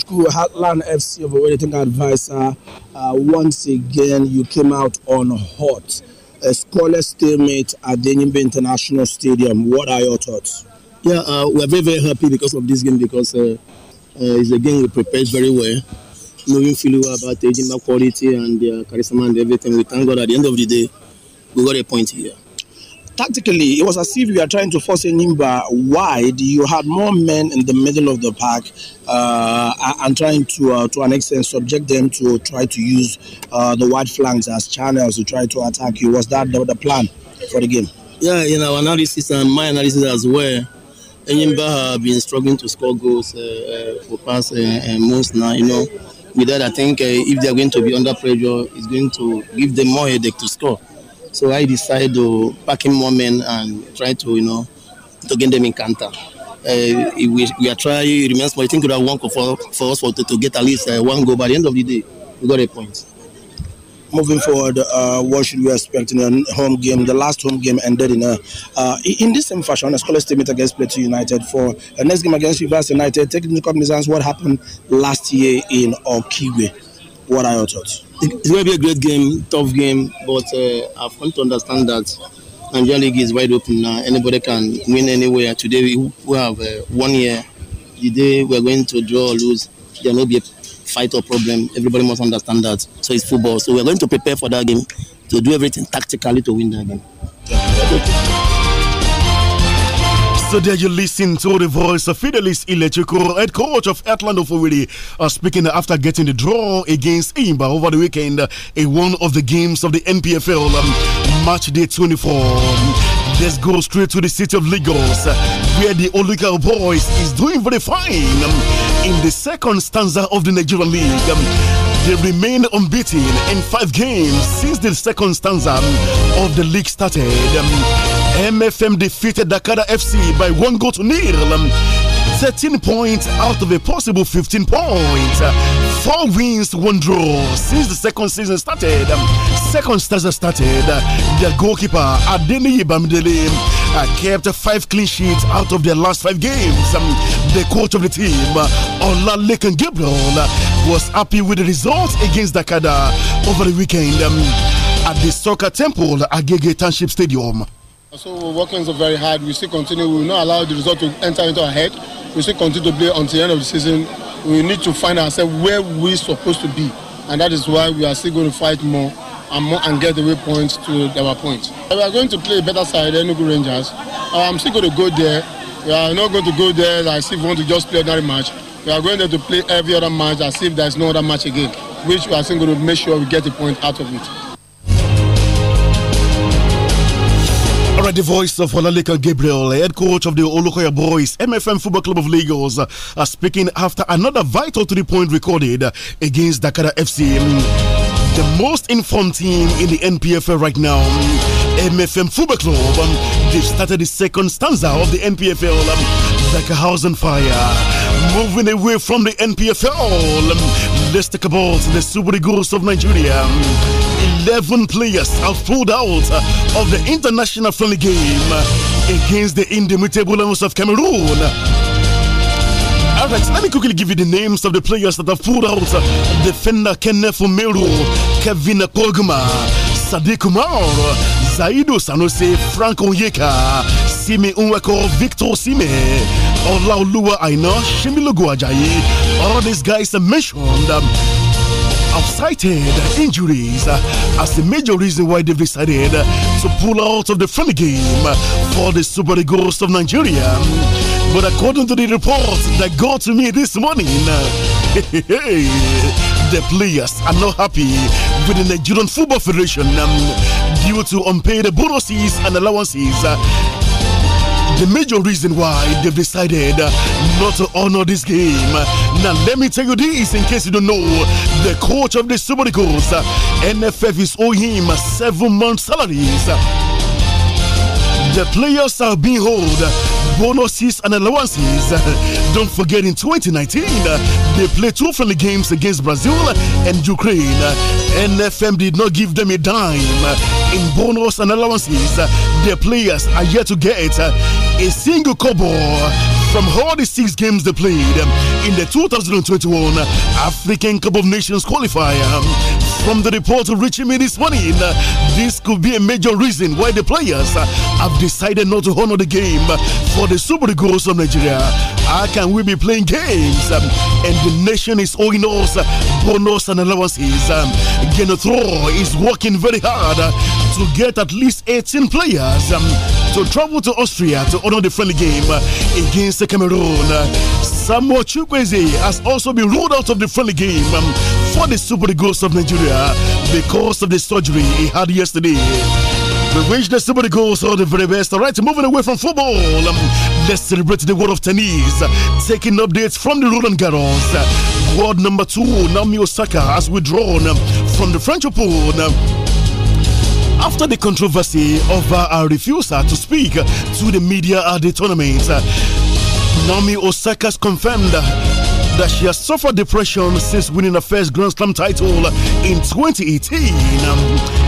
Heartland FC of Wellington Advisor. Uh, uh, once again, you came out on hot. A scoreless stalemate at Denimbe International Stadium. What are your thoughts? Yeah, uh, we're very, very happy because of this game because uh, uh, it's a game we prepared very well. Knowing fully about Ejimba quality and their charisma and everything, we thank God at the end of the day, we got a point here. Tactically, it was as if you are trying to force a Nimba wide. You had more men in the middle of the park uh, and trying to, uh, to an extent, subject them to try to use uh, the wide flanks as channels to try to attack you. Was that the, the plan for the game? Yeah, in our analysis and my analysis as well, Enyimba have been struggling to score goals uh, uh for past uh, uh, months now. You know, with that, I think uh, if they are going to be under pressure, it's going to give them more headache to score. So I decided to pack in more men and try to, you know, to get them in Kanta. Uh, we, we are trying, it remains, but I think we have one for, for us for, to, to get at least uh, one goal. By the end of the day, we got a point. Moving forward, uh, what should we expect in a home game? The last home game ended in a, uh, in this same fashion, a scholar team against to United for the next game against Rivers United, taking into cognizance what happened last year in Okigwe what are your thoughts? It's going to be a great game, tough game, but uh, I've come to understand that Nigeria League is wide open now. Anybody can win anywhere. Today we, we have uh, one year. The day we're going to draw or lose, there will be a fight or problem. Everybody must understand that. So it's football. So we're going to prepare for that game, to do everything tactically to win that game. So there you listen to the voice of Fidelis Ilechikoro, head coach of Atlanta Ofuwiri, uh, speaking after getting the draw against Imba over the weekend uh, in one of the games of the NPFL um, match day 24. Let's go straight to the city of Lagos, uh, where the Oluka boys is doing very fine um, in the second stanza of the Nigerian League. Um, they remain unbeaten in five games since the second stanza um, of the league started. Um. MFM defeated Dakar FC by one goal to nil. Um, 13 points out of a possible 15 points. Uh, four wins, one draw since the second season started. Um, second season started. Uh, their goalkeeper, Adeniyi Bamidele, um, uh, kept five clean sheets out of their last five games. the coach of the team, Ola Lekan Gabriel, was happy with the result against Dakada over the weekend at the Soccer Temple Agege Township Stadium. So workings are very hard. We still continue. We will not allow the result to enter into our head. We still continue to play until the end of the season. We need to find ourselves where we're supposed to be. And that is why we are still going to fight more and more and get the away points to our points. We are going to play a better side, Enugu Rangers. Uh, I'm still going to go there. We are not going to go there like as if we want to just play another match. We are going there to play every other match as if there is no other match again, which we are still going to make sure we get a point out of it. All right, the voice of Olaleka Gabriel, head coach of the Olukoya Boys MFM Football Club of Lagos, uh, speaking after another vital three point recorded against Dakar FC. Um, the most informed team in the NPFL right now, MFM Football Club. Um, they started the second stanza of the NPFL, um, on Fire. Moving away from the NPFL, um, let's talk about the Super Eagles of Nigeria. 11 players have pulled out uh, of the international friendly game against the indomitable lions of Cameroon. All right, let me quickly give you the names of the players that have pulled out. Uh, defender Kenneth Omeru, Kevin Kogma, Sadiq Kumar, Zaido Sanose, Frank Onyeka, Simi Unweko, Victor Sime, Olaoluwa Aina, Shemilogo Ajayi. All these guys are mentioned um, have cited injuries as the major reason why they've decided to pull out of the friendly game for the Super Eagles of Nigeria. But according to the report that got to me this morning, the players are not happy with the Nigerian Football Federation um, due to unpaid bonuses and allowances the major reason why they've decided not to honor this game. Now, let me tell you this in case you don't know. The coach of the Eagles, NFF, is owing him seven month salaries. The players are being owed bonuses and allowances. Don't forget in 2019, they played two friendly games against Brazil and Ukraine. NFM did not give them a dime in bonus and allowances. The players are yet to get a single kobo from all the six games they played um, in the 2021 African Cup of Nations qualifier um, from the report reaching me this morning, um, this could be a major reason why the players uh, have decided not to honor the game for the Super goals of Nigeria. How can we be playing games? and the nation is owing us uh, bonus and allowances. Um, Genethro is working very hard uh, to get at least 18 players um, to travel to Austria to honor the friendly game against Cameroon. Samuel Chukwueze has also been ruled out of the friendly game um, for the Super Eagles of Nigeria because of the surgery he had yesterday. We wish the Super Eagles all the very best. All right, moving away from football, um, let's celebrate the world of tennis. Taking updates from the Roland Garros. World number two, Naomi Osaka, has withdrawn um, from the French Open after the controversy over her uh, refusal to speak to the media at the tournament. Naomi Osaka has confirmed that she has suffered depression since winning her first Grand Slam title in 2018. Um,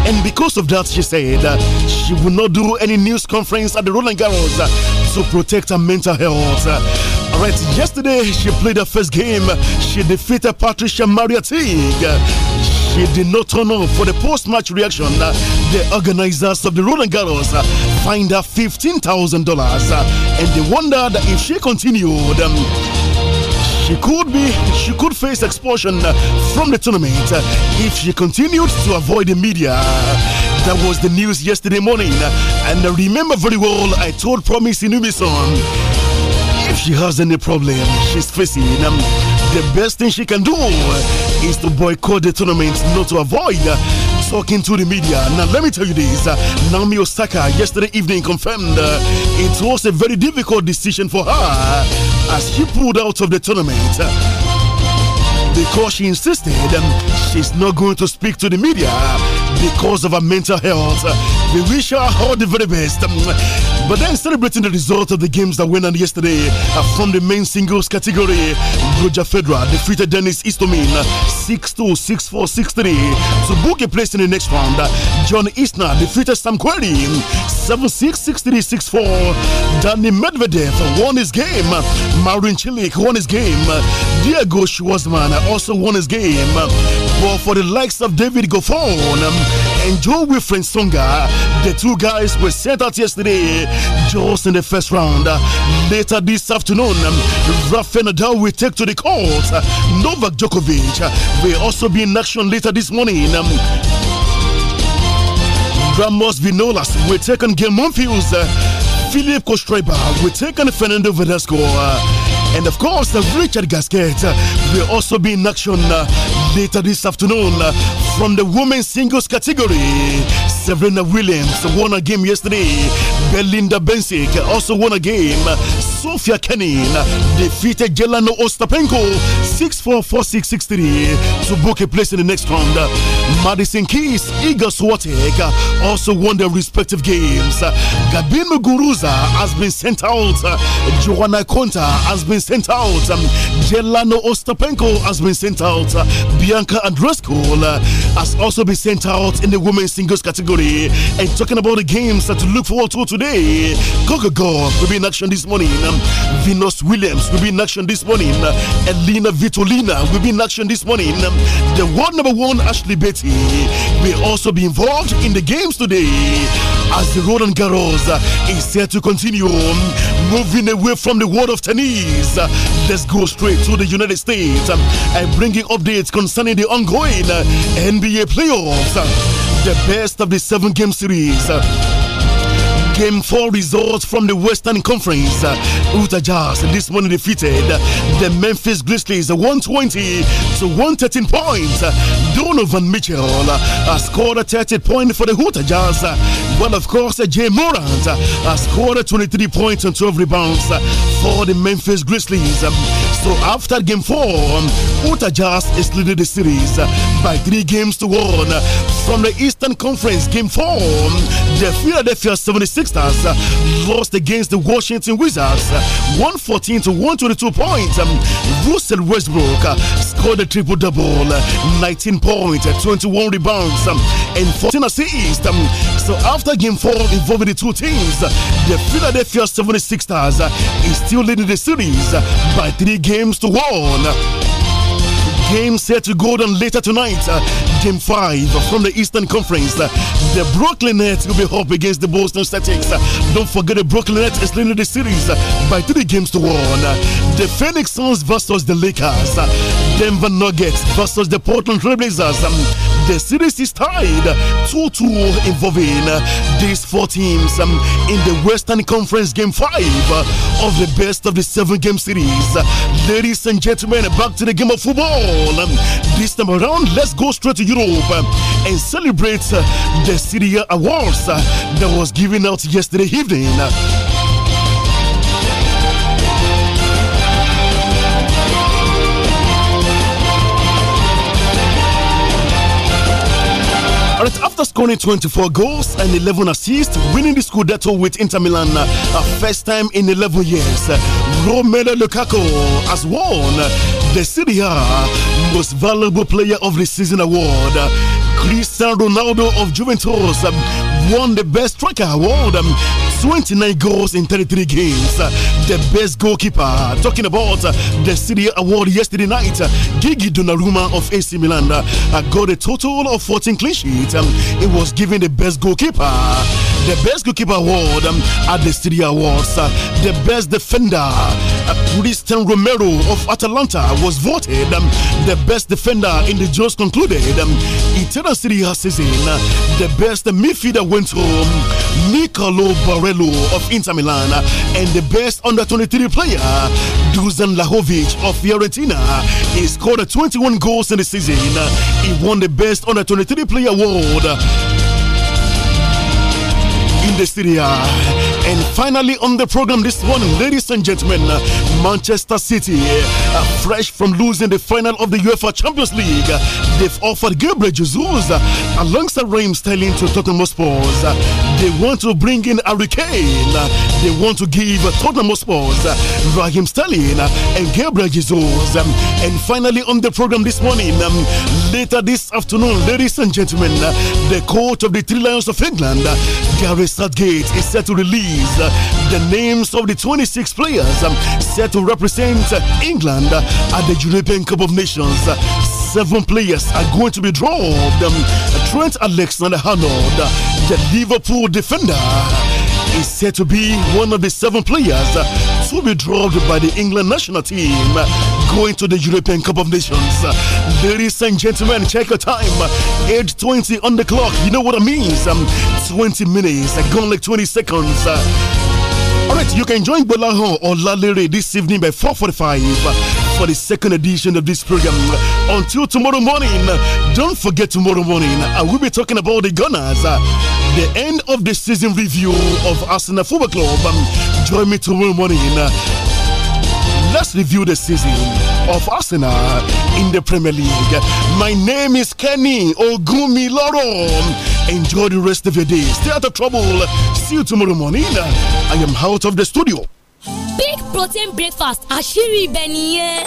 and because of that, she said she will not do any news conference at the Roland Garros uh, to protect her mental health. Uh, all right, yesterday she played her first game. She defeated Patricia Maria Tig he did not turn up for the post-match reaction. Uh, the organizers of the Roland Garros uh, fined her $15,000 uh, and they wondered if she continued. Um, she could be she could face expulsion from the tournament if she continued to avoid the media that was the news yesterday morning and I remember very well i told promise inumison um, if she has any problem she's facing um, the best thing she can do is to boycott the tournament, not to avoid talking to the media. Now, let me tell you this Naomi Osaka yesterday evening confirmed it was a very difficult decision for her as she pulled out of the tournament. Because she insisted she's not going to speak to the media because of her mental health. We wish her all the very best. But then celebrating the results of the games that went on yesterday uh, from the main singles category, Roger Federer defeated Dennis Istomin 6-2, 6-4, 6-3 to book a place in the next round. John Isner defeated Sam Querrey 7-6, 6-3, 6-4. Danny Medvedev won his game. Marin Chilik won his game. Diego Schwartzman also won his game. But for the likes of David Goffon, and Joe Wilfred Songa. The two guys were sent out yesterday just in the first round. Later this afternoon, Rafael Nadal will take to the court. Novak Djokovic will also be in action later this morning. Ramos Vinolas will take on Gil Monfils. Philip Kostreba will take on Fernando Verdasco. And of course, Richard Gasquet will also be in action later this afternoon from the women's singles category. Serena Williams won a game yesterday. Belinda Bencic also won a game. Sophia Kenin defeated Jelano Ostapenko 6-4-4-6-6-3 to book a place in the next round. Madison Keys, Igor Swatek also won their respective games. Gabin Muguruza has been sent out. Joanna Konta has been sent out. Jelano Ostapenko has been sent out. Bianca Andrescu uh, has also been sent out in the women's singles category. And talking about the games that to look forward to today, coca Go will be in action this morning. Um, Venus Williams will be in action this morning. Elena Vitolina will be in action this morning. Um, the world number one, Ashley Betty, will also be involved in the games today as the Roland Garros is set to continue. Moving away from the world of tennis, let's go straight to the United States and bringing updates concerning the ongoing NBA playoffs, the best of the seven game series Game 4 results from the Western Conference. Uh, Utah Jazz this morning defeated the Memphis Grizzlies 120 to 113 points. Donovan Mitchell uh, scored a 30 point for the Utah Jazz. Well, of course, Jay Morant uh, scored 23 points and 12 rebounds for the Memphis Grizzlies. Um, so after game 4, um, Utah Jazz is leading the series by 3 games to 1 from the Eastern Conference game 4. Um, the Philadelphia 76 Sixers uh, lost against the Washington Wizards uh, 114 to 122 points. Um, Russell Westbrook uh, scored a triple double 19 points, 21 rebounds, um, and 14 assists. Um, so after game four involving the two teams, the Philadelphia 76ers is still leading the series by three games to one game set to go down later tonight. Uh, game 5 from the Eastern Conference. Uh, the Brooklyn Nets will be up against the Boston Celtics. Uh, don't forget the Brooklyn Nets is leading the series by three games to one. the Phoenix Suns versus the Lakers. Denver Nuggets versus the Portland Trailblazers. Um, the series is tied 2 2 involving uh, these four teams um, in the Western Conference Game 5 uh, of the best of the seven game series. Uh, ladies and gentlemen, back to the game of football. Portugal. this time around, let's go straight to Europe and celebrate uh, the City Awards uh, that was given out yesterday evening. after scoring 24 goals and 11 assists, winning the Scudetto with Inter Milan, a uh, the first time in 11 years, Romelu Lukaku has won the CDR Most Valuable Player of the Season award. Cristiano Ronaldo of Juventus um, won the Best Striker award. Um, 29 goals in 33 games. The best goalkeeper. Talking about uh, the City Award yesterday night, uh, Gigi Donnarumma of AC Milan uh, got a total of 14 clean sheets. It um, was given the best goalkeeper the Best Goalkeeper Award um, at the City Awards. Uh, the Best Defender, uh, Christian Romero of Atalanta, was voted um, the Best Defender in the just concluded um, Eternal City season. Uh, the Best Midfielder went home, Nicolo Barello of Inter Milan, uh, and the Best Under 23 player, Dusan Lahovic of Fiorentina. He scored 21 goals in the season. Uh, he won the Best Under 23 Player Award industria And finally, on the program this morning, ladies and gentlemen, Manchester City, uh, fresh from losing the final of the UEFA Champions League, they've offered Gabriel Jesus uh, alongside Raheem Sterling to Tottenham Spurs. They want to bring in Harry Kane. They want to give Tottenham Spurs Raheem Sterling uh, and Gabriel Jesus. Um, and finally, on the program this morning, um, later this afternoon, ladies and gentlemen, uh, the coach of the Three Lions of England, Gary Southgate, is set to release is the names of the 26 players um, set to represent England at the European Cup of Nations seven players are going to be dropped. Um, Trent Alexander-Arnold, the Liverpool defender is said to be one of the seven players to be dropped by the England national team going to the European Cup of Nations. Ladies and gentlemen, check your time. 8.20 on the clock. You know what it means. Um, 20 minutes, gone like 20 seconds. All right, you can join Bolaho or Lalere this evening by 4.45 for the second edition of this program. Until tomorrow morning, don't forget tomorrow morning, I uh, will be talking about the Gunners, uh, the end of the season review of Arsenal Football Club. Um, join me tomorrow morning. Uh, let's review the season of Arsenal in the Premier League. My name is Kenny Ogumiloro. Enjoy the rest of your day. Stay out of trouble. See you tomorrow morning. I am out of the studio. big protein breakfast àṣírí ibẹ̀ nìyẹn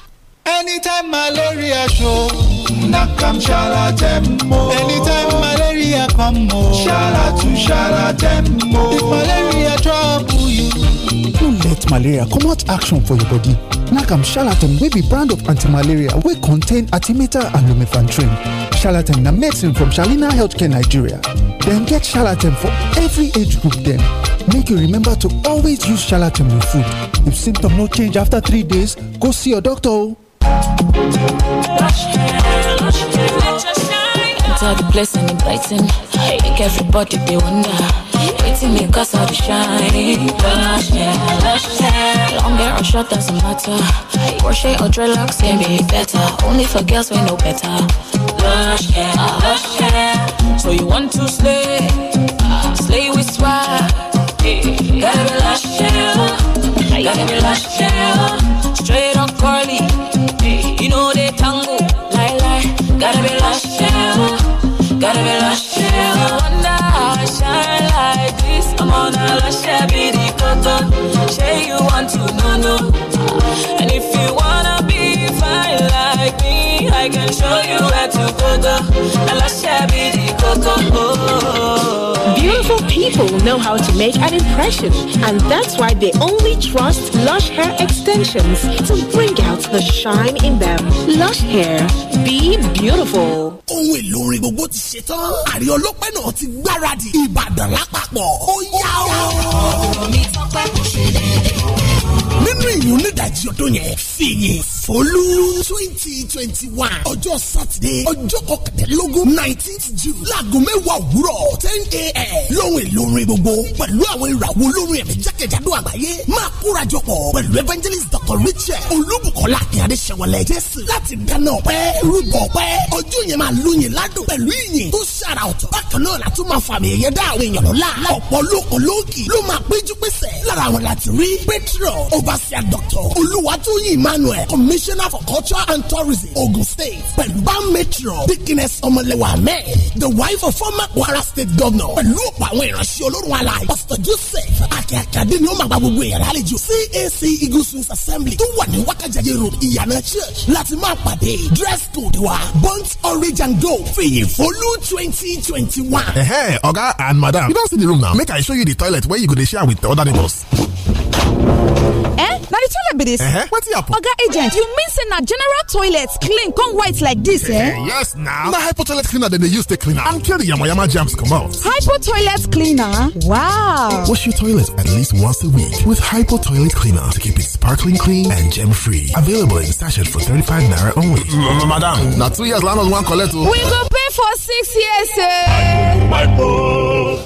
Anytime malaria show, Nakam am shala Anytime malaria come, shala to shala temmo. If malaria trouble you, no let malaria comot action for your body. nakam charlatan wey be brand of anti-malaria wey contain artimata and lumefantrine. charlatan na medicine from shalina healthcare nigeria dem get charlatan for every age group dem make you remember to always use charlatan with food if symptoms no change after three days go see your doctor o. Enter the place and it brighten. Make everybody they wonder. Waiting me cause all the shine. Lush hair, lush hair. Long hair or short doesn't matter. Crochet or dreadlocks can be better. Only for girls we know better. Lush hair, lush hair. So you want to slay? Ah, slay with swag. Gotta be lush hair. Gotta be lush hair. corner, lush be the cotton. Say you want to know, no. And if you wanna be fine like me, I can show you where to go, go. And lush be the cotton, oh people know how to make an impression, and that's why they only trust Lush Hair Extensions to bring out the shine in them. Lush Hair, be beautiful. Ohun èlò orin gbogbo ti ṣe tán. Àrí ọlọ́pẹ́ náà ti gbáradì. Ìbàdàn lápapọ̀. Ó yá o. ya o mi kò ṣe nínú ìlú nídàjí ọdún yẹn fìyìn fọlú twenty twenty one ọjọ́ sátidé ọjọ́ kọkàndínlógún nineteenth june láago mẹ́wàá òwúrọ̀ ten a.m. lóhùn èlò orin gbogbo pẹ̀lú àwọn ìràwọ̀ olórin ẹ̀mí jákèjádò àgbáyé máa kórajọ pọ̀ pẹ̀lú evangelist dr richard olúbùkọ́lá akínyàdé ṣẹ̀wọ̀lẹ̀ jésù láti dáná ọpẹ́ rúbọ ọpẹ́ ọjọ́ yẹn máa lóyin ládùn pẹ̀lú ìyìn tó ṣàrà ọ̀tọ̀ bákan náà látún máa fàmì ẹ̀yẹ dá àwọn èèyàn lọ́lá ọ̀pọ̀ lóko lóòkì ló máa péjú pésẹ̀ lára àwọn láti rí petro ova herbacea doctor olùwàtúyìn emmanuel commissioner for culture and tourism ogun state pẹ̀lú bá metro dikines ọmọlẹ́wà ahmed the wife of former kwara state governor pẹ̀lú ọ̀pọ̀ àwọn ìránṣẹ́ olórun alaye pastor joseph akẹ́kẹ́dé ni ó máa gba gbogbo ìyàrá àlejò cac eagle swings assembly tó wà ní wákàjáde road ìyànà church láti máa pàdé dress code wa burnt orange and gold fèyí folu twenty twenty one. ẹ̀hẹ́ ọ̀gá and madam you don see the room now make i show you the toilet wey you go dey share with other neighbors. eh na the toilet be dis uh-huh. wetin happen. oga agent you mean say na general toilet clean come white like this, eh, eh yes now. na hypo toilet cleaner than used use take i am and kill the yamayama come out. hypo toilet cleaner wow wash your toilet at least once a week with hypo toilet cleaner to keep it sparkling clean and gem free available in sachet for 35 naira only madam Now two years land wan one o we go pay for six years eh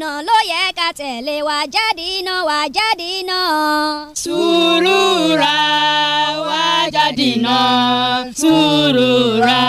ọ̀nà ló yẹ ká tẹ̀lé wá jáde iná wá jáde iná. sùúrù wá jáde iná sùúrù ra.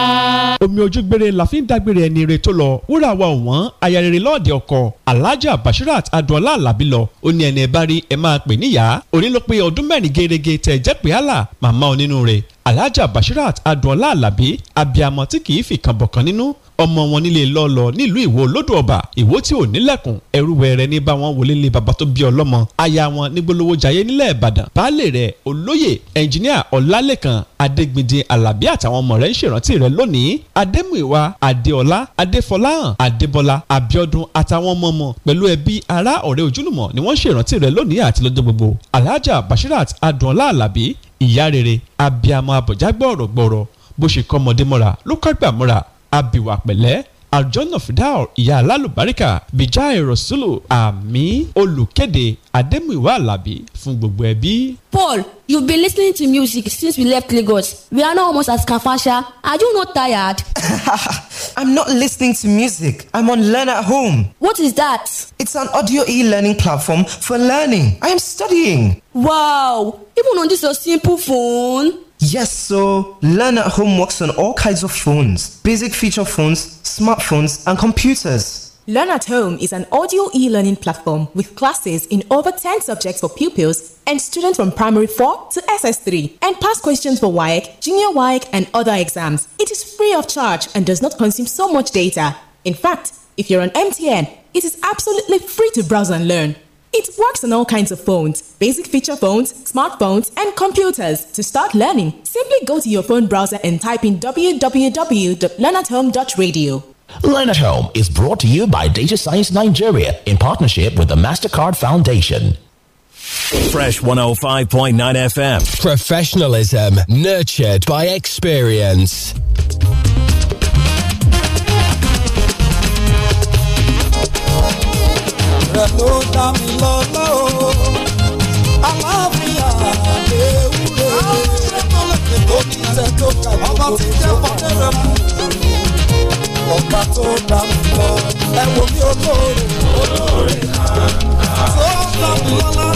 omi ojúgbére la fi ń dágbére ẹni ire tó lọ wúrà wa ọ̀wọ́n aya rere lọ́ọ̀dẹ̀ ọkọ alhaja bashirat adunola alabi lọ ó ní ẹni ẹ bá rí ẹ máa pè níyà òní ọdún mẹ́rin gerege tẹ̀ jẹ́ pé àlà màmá onínú rẹ̀ alhaja bashirat adùnọlá alábí abiyamọ tí kì í fìkan bọ̀kan nínú ọmọ wọn nílé lọ́lọ́ nílùú ìwó lódò ọba ìwó tí ò nílẹ̀kùn ẹrú wẹrẹ ní bá wọn wọlé lé baba tó bí ọlọ́mọ aya wọn nígbólówó jayé nílẹ̀ ìbàdàn baálé rẹ̀ olóyè ẹnjiníà ọlálẹ́kan adégbìndín alábí àtàwọn ọmọ rẹ̀ ń ṣèrántí rẹ̀ lónìí adémùíwá adéọlá adéfọláhàn adébọlá abíọ́dún àtàwọn ọmọ ọmọ pẹ̀lú ẹbí ará ọ̀rẹ́ ojúlùmọ̀ ni wọ́n ṣèrántí rẹ̀ lónìí àti lọ́jọ́ gbogbo alhaja bashirat adùnọlá alábí ìyá rere abiamọ abọ̀já gbọ́ ọ̀rọ̀ gbọ́rọ̀ bó ṣe kọ́ ọmọdé mọ́ra ló kọ́gbà mọ́ra abìwà pẹ̀lẹ́ àjọ́nà fidal ìyá alálùbáríkà bíjáì rọ̀ṣúlù àmì olùkéde adémùíwá alábí fún gbogbo ẹbí. Paul, you've been listening to music since we left Lagos. We are now almost at Kafasha. Are you not tired? I'm not listening to music. I'm on Learn at Home. What is that? It's an audio e-learning platform for learning. I am studying. Wow, even on this a simple phone. Yes, so learn at home works on all kinds of phones, basic feature phones, smartphones, and computers. Learn at Home is an audio e learning platform with classes in over 10 subjects for pupils and students from primary 4 to SS3 and past questions for WIEC, junior WIEC, and other exams. It is free of charge and does not consume so much data. In fact, if you're on MTN, it is absolutely free to browse and learn. It works on all kinds of phones, basic feature phones, smartphones, and computers. To start learning, simply go to your phone browser and type in www.learnathome.radio. Learn at Home is brought to you by Data Science Nigeria in partnership with the MasterCard Foundation. Fresh 105.9 FM. Professionalism nurtured by experience. rẹ̀ ló dá mi lọ́lá o. Aláàfin àléwúre. Oníṣẹ́ tó kà ló kò tó jẹ́ fọ́tẹ́rẹ́ mú. Ọ̀gá tó dá mi lọ, ẹ wo mi olóore. Olóore kàkà. Tó dá mi lọ́lá.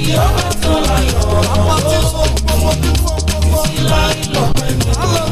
Ìyá bá tó láyọ̀. Àwọn tí ó sọ fọ́fọ́ fọ́fọ́. Ìsìlá ìlọ̀pẹ̀ mi.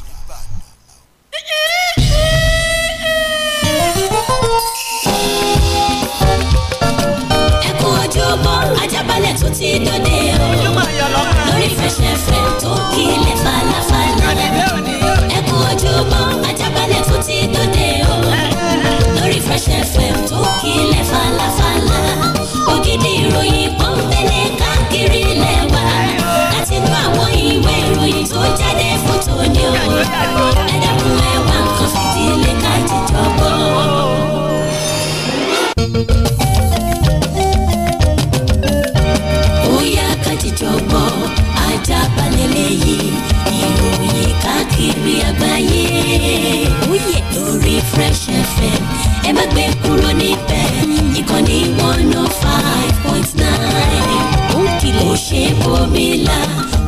Mila,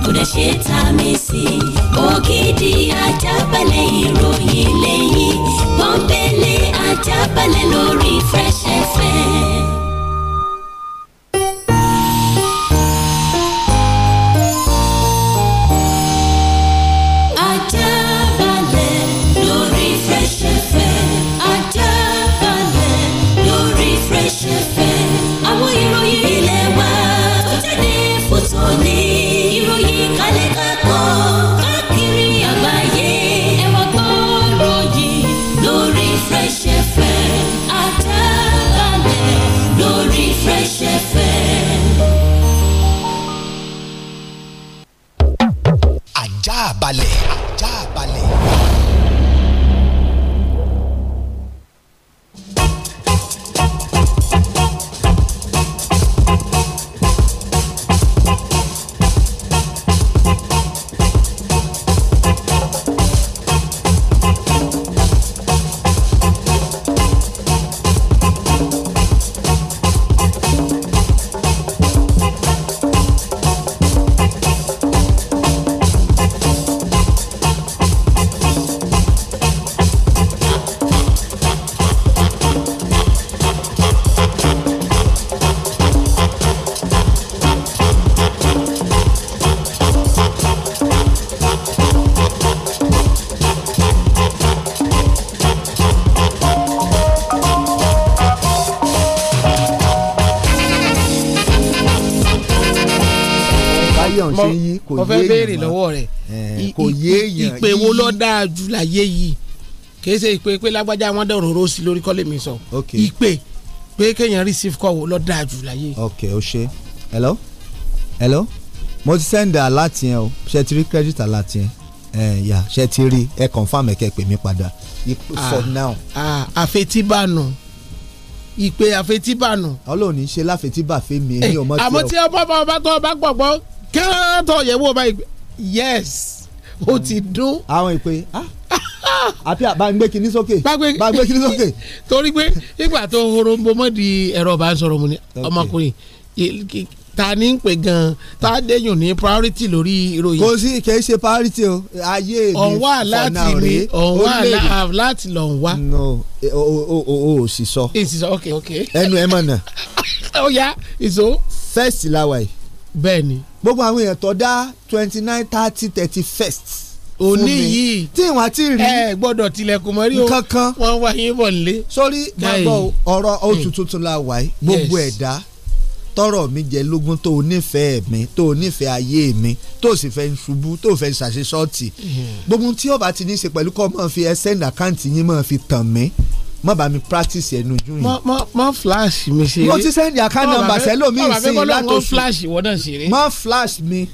kò dẹ̀ ṣe ta mi sí i. ògidì ajábalẹ̀ ìròyìn lẹ́yìn pọ́npẹ́lẹ́ ajábalẹ̀ lórí Fresh FM. kìí ṣe ìpè pé lágbájá wọn dẹ̀ òróró sí lórí kọ́lé mi sọ ìpè pé kéèyàn receive call wo lọ dáa jù láyé. ok o ṣe hello hello mo ti send alert yẹn o ṣe ti rí credit alert yẹn ẹ ṣe ti rí ẹ confam ẹ pè mí padà ah, for now. Ah, àfetíbànú ìpè àfetíbànù. ọlọ́run ní ṣe láfetíbà fẹ́mi ẹ̀yìn ọmọ tí ọ. àmọ́ tí ọmọ ọmọ ọba tó ọba gbọ̀gbọ́ kẹ́ńtọ̀ yẹ̀wò ọba yes ó ti dún. àwọn ìpè ah àbí àbágbé kinní sókè bágbé kinní sókè. torí pé nígbà tó horombo mọ́ di ẹ̀rọ bá ń sọ̀rọ̀ mu ni ọmọkùnrin ta ni ń pè gan ta déyùn ní priority lórí ìròyìn. kò sí kì í ṣe priority o ayé mi ọ̀nwá láti mi ọ̀nwá láti lọ wá. no e, o o o sì sọ. èsì sọ ok ok. ẹnu ẹ mọ̀ ó yá ìṣó. first la wà yìí. bẹ́ẹ̀ ni. gbogbo àwọn èèyàn tó dá twenty nine thirty thirty first òní yìí tí wọn ti rí ẹ gbọ́dọ̀ tilẹ̀kùn mọ́rí o kankan wọn wá yín bọ̀ nílé. sórí gbàgbọ́ ọ̀rọ̀ hmm. oṣù tuntun la wà yìí gbogbo ẹ̀dá tọrọ mi jẹ lógún tó o nífẹ̀ẹ́ mi tó o nífẹ̀ẹ́ ayé mi tó o sì fẹ́ ń ṣubú tó o fẹ́ ń ṣàṣe ṣọ́ọ̀tì hmm. gbogbo tí ó bá ti ní í ṣe pẹ̀lú kọ́ máa fi ẹsẹ̀ ní àkáǹtì yín máa fi tàn mí má bá mi practice ẹnu ojú yìí. mọ mọ flash mi ṣeré. mo ti sẹ́ndì àkáǹtì nàmbà sẹ́lómi ìsìn látòsí. mọ flash mi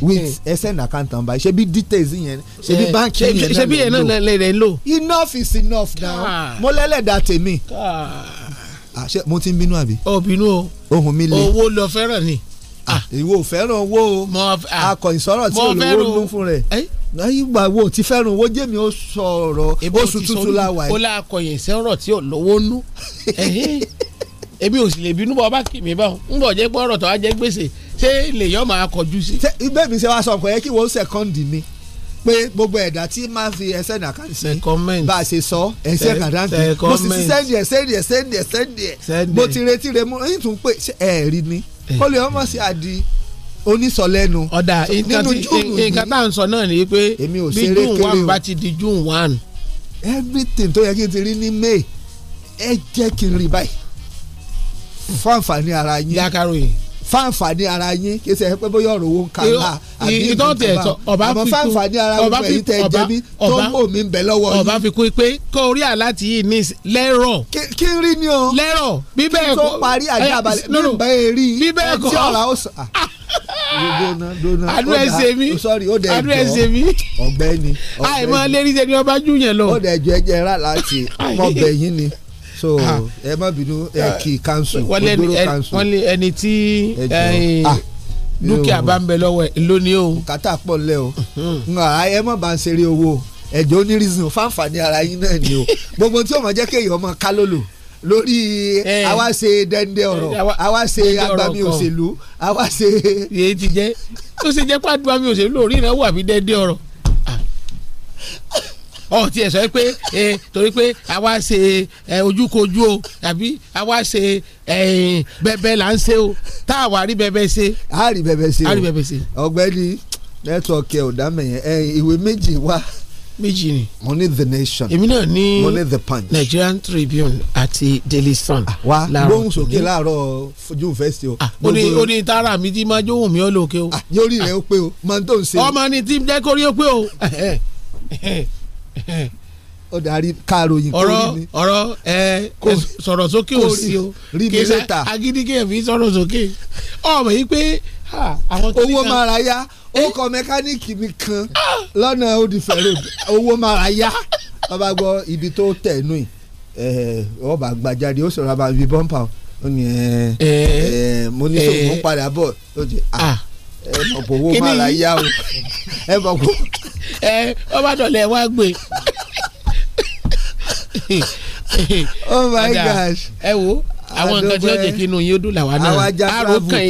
with eh. SN account number ṣe bí details yẹn ṣe bí eh, báńkì yẹn náà lè lò ṣe bí yẹn náà lè lò. enough is enough now ah. mo lẹ́lẹ̀dá tèmi. Ah. Ah, ṣé mo ti ń bínú àbí. ó bínú o ohun mi le. owó lọ fẹ́ràn ni. ìwọ ò fẹ́ràn owó o akọ ìsọ̀rọ̀ tí olówó ló fún rẹ̀ eh? ìgbà wo ti fẹ́ràn owó jẹ́mi ó sọ̀rọ̀ oṣù tuntun la wà yìí. ó lá akọyìn sẹ́rọ̀ tí olówó nú èmi ò sì lè bínú bọ́ ọ bá kì mí báwọn ń bọ̀ jẹ́ pé ọ̀rọ̀ tó wá jẹ́ gbèsè ṣé lèyàn máa kọjú sí. bẹ́ẹ̀ mi ṣe wá sọ pé kí wọ́n sẹ́kọ́ndì ni pé gbogbo ẹ̀dá tí máa fi ẹsẹ̀ nàkàtì sí bá a ṣe sọ ẹsẹ̀ nàkàtì mo sì ti sẹ́ndì ẹ̀ sẹ́ndì ẹ̀ sẹ́ndì ẹ̀ sẹ́ndì ẹ̀ mo ti retí rẹ mo ń tún pè ẹ̀ rí ni kó lè ọmọ sí àdì onísọlẹ́nu. ọ̀dà nǹkan tá à ń sọ náà ni pé bí june one bá ti di june one. everything tó yẹ kí n ti rí ní may ẹ jẹ́ kí n rí báyìí fún àǹfààní ara yín. yàkàròyìn fáǹfààní ara yín kí ṣe pé bóyá ọ̀rọ̀ owó ń kà á àbí ìdọ́tẹ̀ ọba fi kún fáǹfààní ara mi ẹ̀yìn tẹ̀ jẹ́ mi tó ń bò mí bẹ̀ lọ́wọ́ yìí. ọba fi kún pé kó orí àláti yìí ní lẹ́rọ̀. kí n rí ni o lẹ́rọ̀ bí bẹ́ẹ̀ kọ́ kí n tó parí àjà abalẹ̀ eh, bí bẹ́ẹ̀ rí bí bẹ́ẹ̀ kọ́ ẹ̀ tí ọ̀rá ó sàn adu ẹsẹ mi adu ẹsẹ mi ọ̀gbẹ́ni. àìmọ lérí sẹni ọba júyàn lọ. ó dẹ̀ jọ ẹjẹ rà láti mọ bẹ̀yìn ni so ah. ẹ má bínú ẹ eh, kì í council ògbóró council. wọ́n lé ẹni tí eh, ah. dúkìá bá ń bẹ lọ́wọ́ ẹ̀ lónìí o. kàtà pọ̀ lẹ́ o hmm. ẹ má bá ń ṣeré owó ẹ̀jọ̀ onírísìn fáǹfààní ara yín náà ni o gbogbo tí ó máa jẹ́ kéèyàn ọmọ kálólò lórí àwa eh. ṣe dẹ́ndẹ́ ọ̀rọ̀ àwa ṣe agbami òṣèlú àwa ṣe. yéé ti jẹ́ tó ṣe jẹ́ pé òṣèlú lórí ìnáwó àbí dẹ́ndẹ́ ọ̀rọ̀. Ah ọ tiẹ̀ sọ pé ẹ torí pé àwa ṣe ẹ ojúkojú o àbí àwa ṣe ẹ bẹbẹ là ń ṣe o tá a wà rí bẹbẹ ṣe. a rí bẹbẹ ṣe o a rí bẹbẹ ṣe. ọ̀gbẹ́ni nẹtọọkì ọdámẹyẹn ẹ ìwé méjì wá. méjì ni. mo ní the nation. èmi náà ní the punch. Nigerian Tribune àti Daily Sun. Ah, wa gbóhùn sókè láàárọ̀ fojú fẹsẹ o. o ah, ní o ní tara mi tí máa jóhùn mi ọ lókè o. Ah, yóò rí rẹ ó pé o máa tó ń ṣe. ọmọ ni tí jẹ́ kórí ó pé o. ó darí káròyìn kórì ni. ọ̀rọ̀ ọ̀rọ̀ ẹ sọ̀rọ̀ sókè ò sí o rí mi létà agídíkẹ́ fi sọ̀rọ̀ sókè ọmọ yìí pé owó mara ya ó kọ mẹkáníìkì mi kan lọ́nà odìfẹ́ road owó mara ya ọba gbọ́ ibi tó tẹ̀ nù yìí ọba gbàjáde ó sọ̀rọ̀ àbàbí bọ́ńpà ó ní ẹ̀ ẹ̀ mo ní sọ̀rọ̀ mo ń padà bọ̀ ó jẹ́ ah. ah ẹ mọ̀ pé máa la yá o ẹ mọ̀ pé. ẹ ọba dọ̀lẹ̀ wá gbé. oh my gosh. ẹ wo àwọn nǹkan tí ó jẹ́ kí inú yín ó dùn làwa náà àrò kàn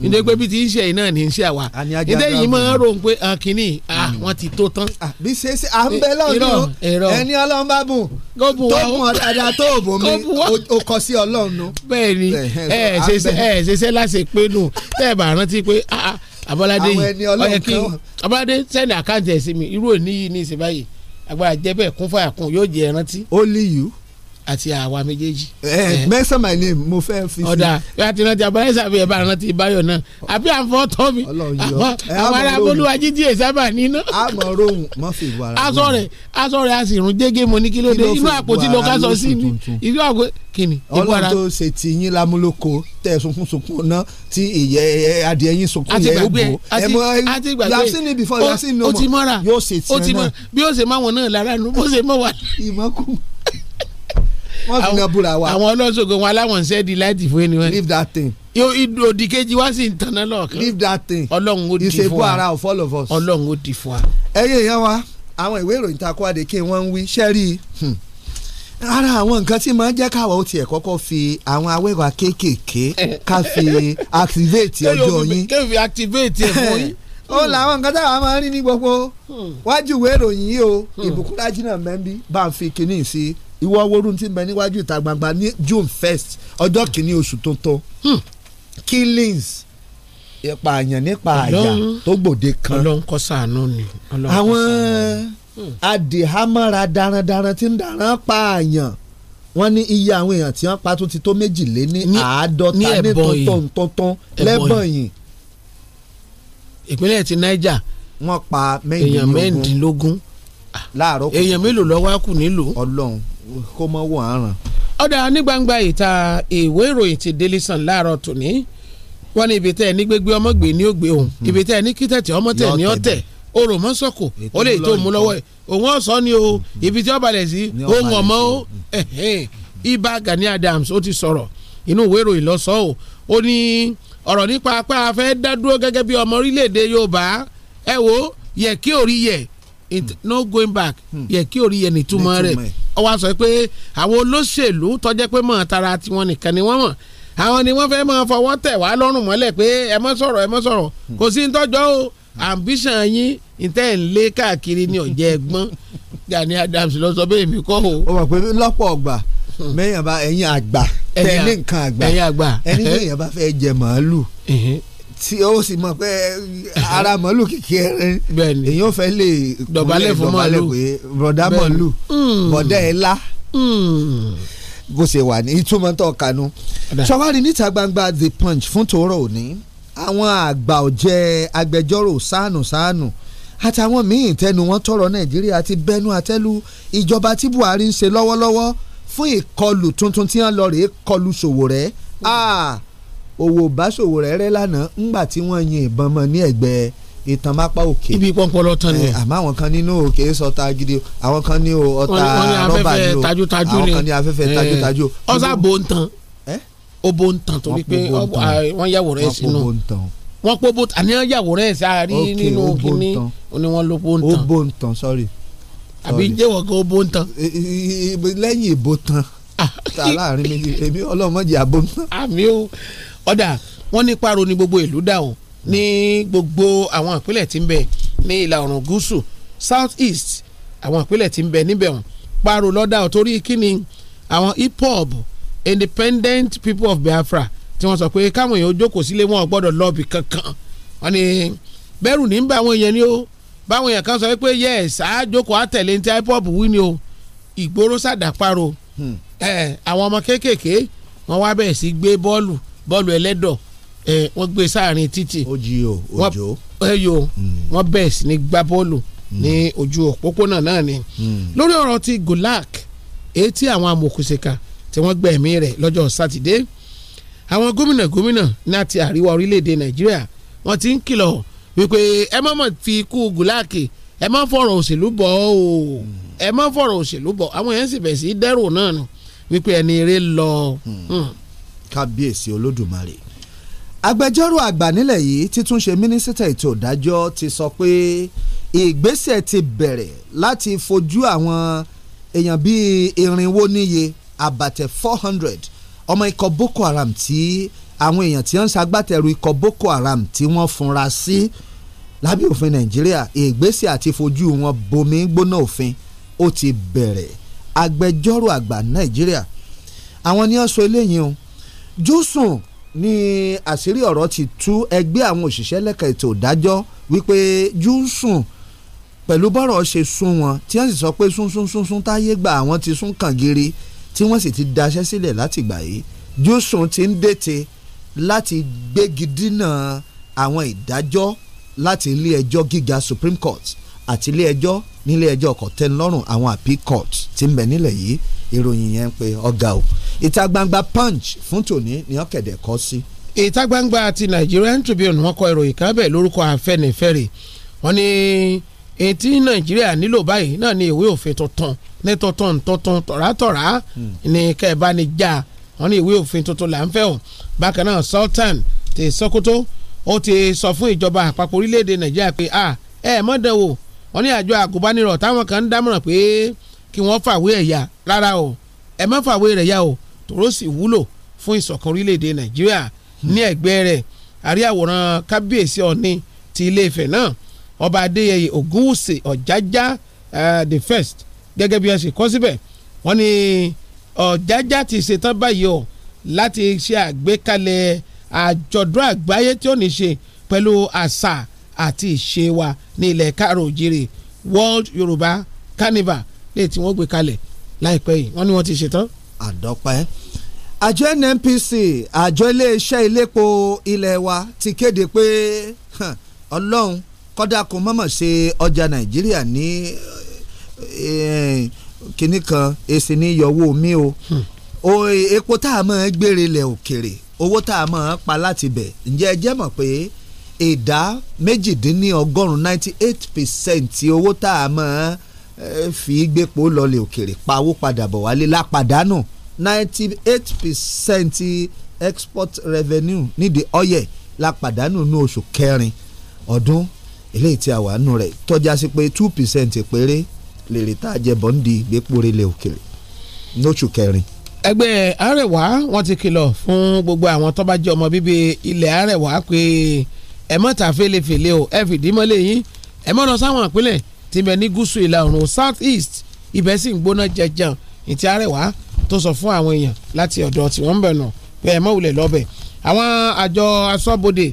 ni ní pé bí ti ń ṣe yìí náà ní ṣe àwa ìdẹ́ yìí máa ń ròhùn pé kínní mm. wọ́n ti tó tán. Ah, bí ṣe ṣe à ń bẹ eh, lọ́dún ẹni ọlọ́run bá bùn tó mọ̀ dáadáa tó bò mí o kọ sí ọlọ́run nù. bẹ́ẹ̀ ẹ ṣe ṣe láṣẹ pé nù tẹ́ ẹ bá rántí pé Abọ́ládé yìí ọyẹ kí Abọ́ládé sẹ́ni àkáǹtì ẹ̀ mi irú òní yìí ní ìsìn báyìí agbára àti àwa méjèèjì. ẹ mention my name mo fẹ́ fi sí. ọ̀dà àti rántí abáyẹ́sà bí ẹ bá rántí báyọ̀ náà àbí àǹfọ̀ tọ́ mi àwọn ará bolúwájú díẹ̀ sábà níná. àmọ̀ rohùn mọ́ fi ìwà rẹ̀. aṣọ rẹ̀ aṣọ rẹ̀ a sì rún jẹ́gẹ́ mo ní kí ló dé inú àpótí ló ká sọ sí mi inú àpótí kí ni. ọlọ́run tó ṣe ti yín lámúlòkó tẹ̀ sunkunsùnkun náà tí ìyẹ́ adìẹ yín sunkún yẹ ó bò ẹ mọ you have seen it before you have seen it no more yóò ṣe tiẹ̀ náà. bí ó ṣe máwọn náà lára nu bó ṣe mọ̀ wá. ìmọ̀kùn wọ́n fi yan búra wa. àwọn ọlọ́sọ̀gbọ̀n wọn aláwọ̀ ń sẹ́ẹ̀dì láti fún ẹni wọn. leave that thing. òdì kejì wá sí ìtànà lọ́ọ̀kan. leave that thing. ọlọ́run ó di fún wa ìṣègùn ara of all of us. ọlọ́run ó di fún wa. ẹyẹ ìyá wa àwọn ìwé ìròyìn ta kó adé ń wí sẹ́rí hmm. ara àwọn nǹkan tí máa ń jẹ́ káwa ó tiẹ̀ kọ́kọ́ fi àwọn awẹ́wà kéékèèké ká fi activate ọjọ́ yín. kéwì fi activate ẹ̀ fún yín ó làwọn nǹkan táwọn máa ń rí ní gbogbo hmm. wájú ìwé ìròyìn yìí o hmm. ìbùkún lájínà mẹ́bí bá ń fi kínní sí ìwọ owórú ti ń bẹ níwájú ìta gbangba ní June first ọjọ́ kìíní oṣù tuntun hmm. killings ìpààyàn nípa àyà tó gbòde kan Ọlọ́run kó ṣàánú ni àwọn hmm. adìhámọ́ra darandaran ti ń daran pààyàn wọ́n ní iye àwọn èèyàn tí wọ́n pa tó ti tó méjìlé ní àádọ́ta ní tọ́ntọ́n tọ́ntọ́n lẹ́bọ̀nyìn. ìpínlẹ̀ ti Niger wọ́n pa mẹ́rìndínlógún láàárọ̀ kùtù èèyàn mélòó lọ wá kù nílùú. Ọlọ́run kó mọ wọ àràn. ọ̀dà ní gbangba ìta ìwé ìròyìn ti Daily Sun láàárọ̀ tòní wọ́n ní ibi tẹ́ ẹ ní gbégbé ọmọ gbé ní ògbé òun hmm. ibi tẹ́ ẹ ní kí tẹ̀tẹ̀ ọmọ tẹ̀ ní ọ̀tẹ̀ orò mọ́ sọ̀kò ó lè tó mú lọ́wọ́ ẹ̀ òun ọ̀sán ni o hmm. ibi tí ó balẹ̀ sí ohun ọ̀mọ́ o ibà Gani Adams ó ti sọ̀rọ̀ inú ìwé ìròyìn lọ sọ o ó ní ọ̀rọ̀ nípa apá afẹ́ dádúró gẹ́gẹ́ bí ọmọ orílẹ̀-èdè Yorùbá ẹ wo yẹ kí òrí yẹ it no going back hmm. yẹ kí orí yẹn nítumọ̀ rẹ̀ ọ wá pé àwọn olóṣèlú tọ́jẹ́ pé mọ̀ tara tiwọn nìkan ni wọ́n mọ̀ àwọn ni wọ́n fẹ́ máa fọwọ́ tẹ̀ wá lọ́rùn mọ́lẹ̀ pé ẹ mọ́ sọ̀rọ̀ ẹ mọ́ sọ̀rọ̀ hmm. kò sí ntọ́jọ́ o ambition yín ntẹ́ ń lé káàkiri ní ọ̀jẹ̀ ẹ̀gbọ́n Gani Adams lọ sọ bẹ́ẹ̀ mi kọ́ o. ó mọ̀ pé lọ́pọ̀ ọgbà hmm. mẹ́yìn bá ẹ̀yin àgbà tẹ̀lé nǹkan àgbà ẹ̀yin àgbà ẹni mẹ́yìn bá fẹ́ jẹ màálù tí ó sì mọ̀ pé eh, ara màálù kìkì ẹran èyàn fẹ́ lè dọ̀bálẹ̀ fún màálù bọ̀dá màálù hmm. bọ̀dá ẹ̀ la hmm. bó ṣe wà ní ìtumọ̀ tó kanu sọwárí níta gbangba the punch fún tòórọ̀ òní àwọn àgbà ọ̀jẹ̀ agbẹjọ́rò sáànù sáànù àtàwọn míì tẹnu wọn tọrọ nàìjíríà ti bẹnu àtẹ́lu ìjọba tí buhari ń ṣe lọ́wọ́lọ́wọ́ fún ìkọlù tuntun tí wọ́n lọ rèé kọlù Sowore. Ah, owó báṣòwò rẹ̀ rẹ́ lánàá ńgbà tí wọ́n yin ìbọn mọ́ ní ẹ̀gbẹ́ ìtàn mápá òkè. ibi pọnpọlọ tán ni. àmọ́ àwọn kan nínú òkè sọta gidi àwọn kan ní ọta rọ́bà ni o àwọn kan ní afẹ́fẹ́ tajútajú. ọ̀sà bò ń tan ó bó ń tàn torí pé wọ́n yàwòrán ẹ̀ sínú wọ́n pó bó àní wọ́n yàwòrán ẹ̀ sáárí nínú kínní ni wọ́n ló bó ń tàn. ó bó ń tàn sọ́rí. àbí jẹ́wọ́ kó bó ń tàn. lẹ́yìn ìbò tán ah. ta láàrin méjì èmi ọlọ́mọdé àbó ń tàn. àmì o ọ̀dà wọ́n ní paro ní gbogbo ìlú dà wọ́n ní gbogbo àwọn ìpínlẹ̀ tí ń bẹ ní ìlà oòrùn gúúsù south east àwọn ìpínlẹ̀ tí ń bẹ níbẹ̀ wọ́n paro lọ́dà torí kíni àwọn IPOB Independent People of Biafra tí wọ́n sọ pé káwọn èèyàn jókòó sílé wọn gbọ́dọ̀ lọ́ọ̀bì kankan wọ́n ní bẹ́rù ní bá àwọn èèyàn ni ó báwọn èèyàn kan sọ pé yes àájókòó àtẹ̀lé ní ti IPOB wí ni o ìgboro sàdàparo hmm. àwọn ọmọ kéékèèké wọ́n wá bẹ̀rẹ̀ sí gbé bọ́ọ̀lù bọ́ọ̀lù ẹlẹ́dọ̀ ẹ wọ́n gbé sáàrin títì ojì o òjò yo, hmm. wọ́n bẹ̀rẹ̀ sí ní gbá bọ́ọ̀lù hmm. ní ojú òpópónà náà ni hmm. lórí ọ̀rọ̀ ti Gulak èyí tí àwọn amòkùnsìkà tí wọ́n gbẹ̀mí rẹ̀ lọ́jọ́ sátidé àwọn gómìnà gómìnà láti àríwá orílẹ̀-èdè Nàìjíríà wọ́n ti ń kìlọ̀ wípé ẹ má mà fi ikú Gulak ẹ má fọ̀rọ̀ òṣèlú bọ̀ o ẹ má fọ̀rọ̀ òṣèlú bọ̀ àwọn yẹn sì bẹ̀ sí dẹ́rù náà wípé ẹni eré lọ kábíyèsí olódùmarè agbẹjọ́rò àgbà nílẹ̀ yìí títún ṣe mínísítà ètò ìdájọ́ ti sọ pé ìgbésẹ̀ ti bẹ̀rẹ̀ láti fojú àwọn èèyàn bíi irinwó níye àbàtẹ̀ four hundred ọmọ ikọ̀ Boko Haram tí àwọn èèyàn tí wọ́n ń ṣagbátẹrù ikọ̀ Boko Haram tí wọ́n funra sí lábẹ́ òfin Nàìjíríà ìgbésẹ̀ àti fojú wọn bomi gbóná òfin ó ti bẹ̀rẹ̀ agbẹjọ́rò àgbà Nàìjíríà àwọn ni wọ́n sọ eléyìí o júùsùn ni àṣírí ọ̀rọ̀ ti tú ẹgbẹ́ àwọn òṣìṣẹ́ lẹ́ka ètò ìdájọ́ wípé júùsùn pẹ̀lú bọ́rọ̀ ṣe sún wọn tí wọ́n sì sọ pé súnsúnsúnsún táyé gbà àwọn ti sún kàn gírí tí wọ́n sì ti daṣẹ́ sílẹ̀ láti gbà yìí júùsùn ti ń dètè láti gbégi dínà àwọn ìdájọ́ láti ilé ẹjọ́ gíga Supreme Court àti ilé ẹjọ́ nílé ẹjọ́ kọ̀tẹ́nlọ́rùn àwọn àpí court ti ń bẹ nílẹ̀ yìí ìròyìn yẹn ń pe ọ̀gá o ìta gbangba punch fún tòní ni wọ́n kẹ̀dẹ̀ kọ́ sí. ìta gbangba àti Nigerian Tribune wọ́n kọ ìròyìn kan bẹ̀ lórúkọ Afẹ́nifẹ́re wọ́n ní etí Nàìjíríà nílò báyìí náà ní ìwé òfin tuntun ní tuntun tuntun tọ̀rátọ̀rá ní kẹ́ẹ̀bá ni já wọ́n ní ìwé òfin tuntun là ń fẹ́ o bákan náà Sultan ti Sokoto ó ti sọ fún ìjọba àpapọ̀ orílẹ̀-èdè Nàìjíríà pé a ẹ̀ wọ́n ní àjọ àgùnbánirọ̀ táwọn kan ń dámọ̀ràn pé kí wọ́n fàwé ẹ̀ ya rárá o ẹ má fàwé rẹ̀ ya o tòró sì wúlò fún ìṣọ̀kan orílẹ̀-èdè nàìjíríà ní ẹ̀gbẹ́ rẹ̀ àrí àwòrán kábíyèsí ọ̀ní ti ilé Ifẹ̀ náà ọba adéyẹyẹ ògúnwùsì ọ̀jájá eh, the first gẹ́gẹ́ bí ẹ ṣe kọ́ síbẹ̀ wọ́n ní ọ̀jájá ti ṣetán báyìí o láti ṣe àgbékalẹ̀ àjọ̀dún àgbáyé tí ó ní ṣe pẹ̀lú àṣà àti ìṣe wa ní ilẹ̀ káàró òjìrè World Yorùbá Carnival lè tí wọ́n gbé kalẹ̀ láìpẹ́ yìí wọ́n ní wọ́n ti ṣetán. àdọ́pẹ́ àjọ NNPC àjọ iléeṣẹ́ iléepo ilẹ̀ wa ti kéde pé ọlọ́run kọ́dà kò mọ̀mọ̀ ṣe ọjà Nàìjíríà ní eh, kínní kan èsì ní yọ̀wọ́ mi hmm. o epo tá a máa gbére lẹ̀ òkèrè owó tá a máa pa láti bẹ̀ ǹjẹ́ ẹ jẹ́ mọ̀ pé ìdá méjìdínlọ́gọ́rùn-ún ninety eight percent owó tá a máa fi gbépo lọlẹ̀ òkèrè pawó padà bọ̀ wálé lápàdánù ninety eight percent export revenue nídìí ọyẹ lápàdánù ní oṣù kẹrin ọdún eléyìí tí a wà nù rẹ̀ tọ́já sí pé two percent péré lèrè tá a jẹ bọ́ǹdì gbépo relẹ̀ òkèrè lóṣù kẹrin ẹgbẹ́ Arẹwà wọ́n ti kìlọ̀ fún gbogbo àwọn tó bá jẹ́ ọmọ bíbí ilẹ̀ Arẹwà pé ẹ mọ́ ta fèlèfèlè o ẹ fìdí mọ́lẹ̀ yín ẹ mọ́ lọ sáwọn ìpínlẹ̀ tí ń bẹ ní gúúsù ìlà oòrùn south east ibẹ̀ sì ń gbóná jẹjẹun ìtì arẹwà tó sọ fún àwọn èèyàn láti ọ̀dọ̀ tí wọ́n ń bẹ̀ nà pé ẹ mọ́ wulẹ̀ lọ́bẹ̀ àwọn àjọ asọ́bodè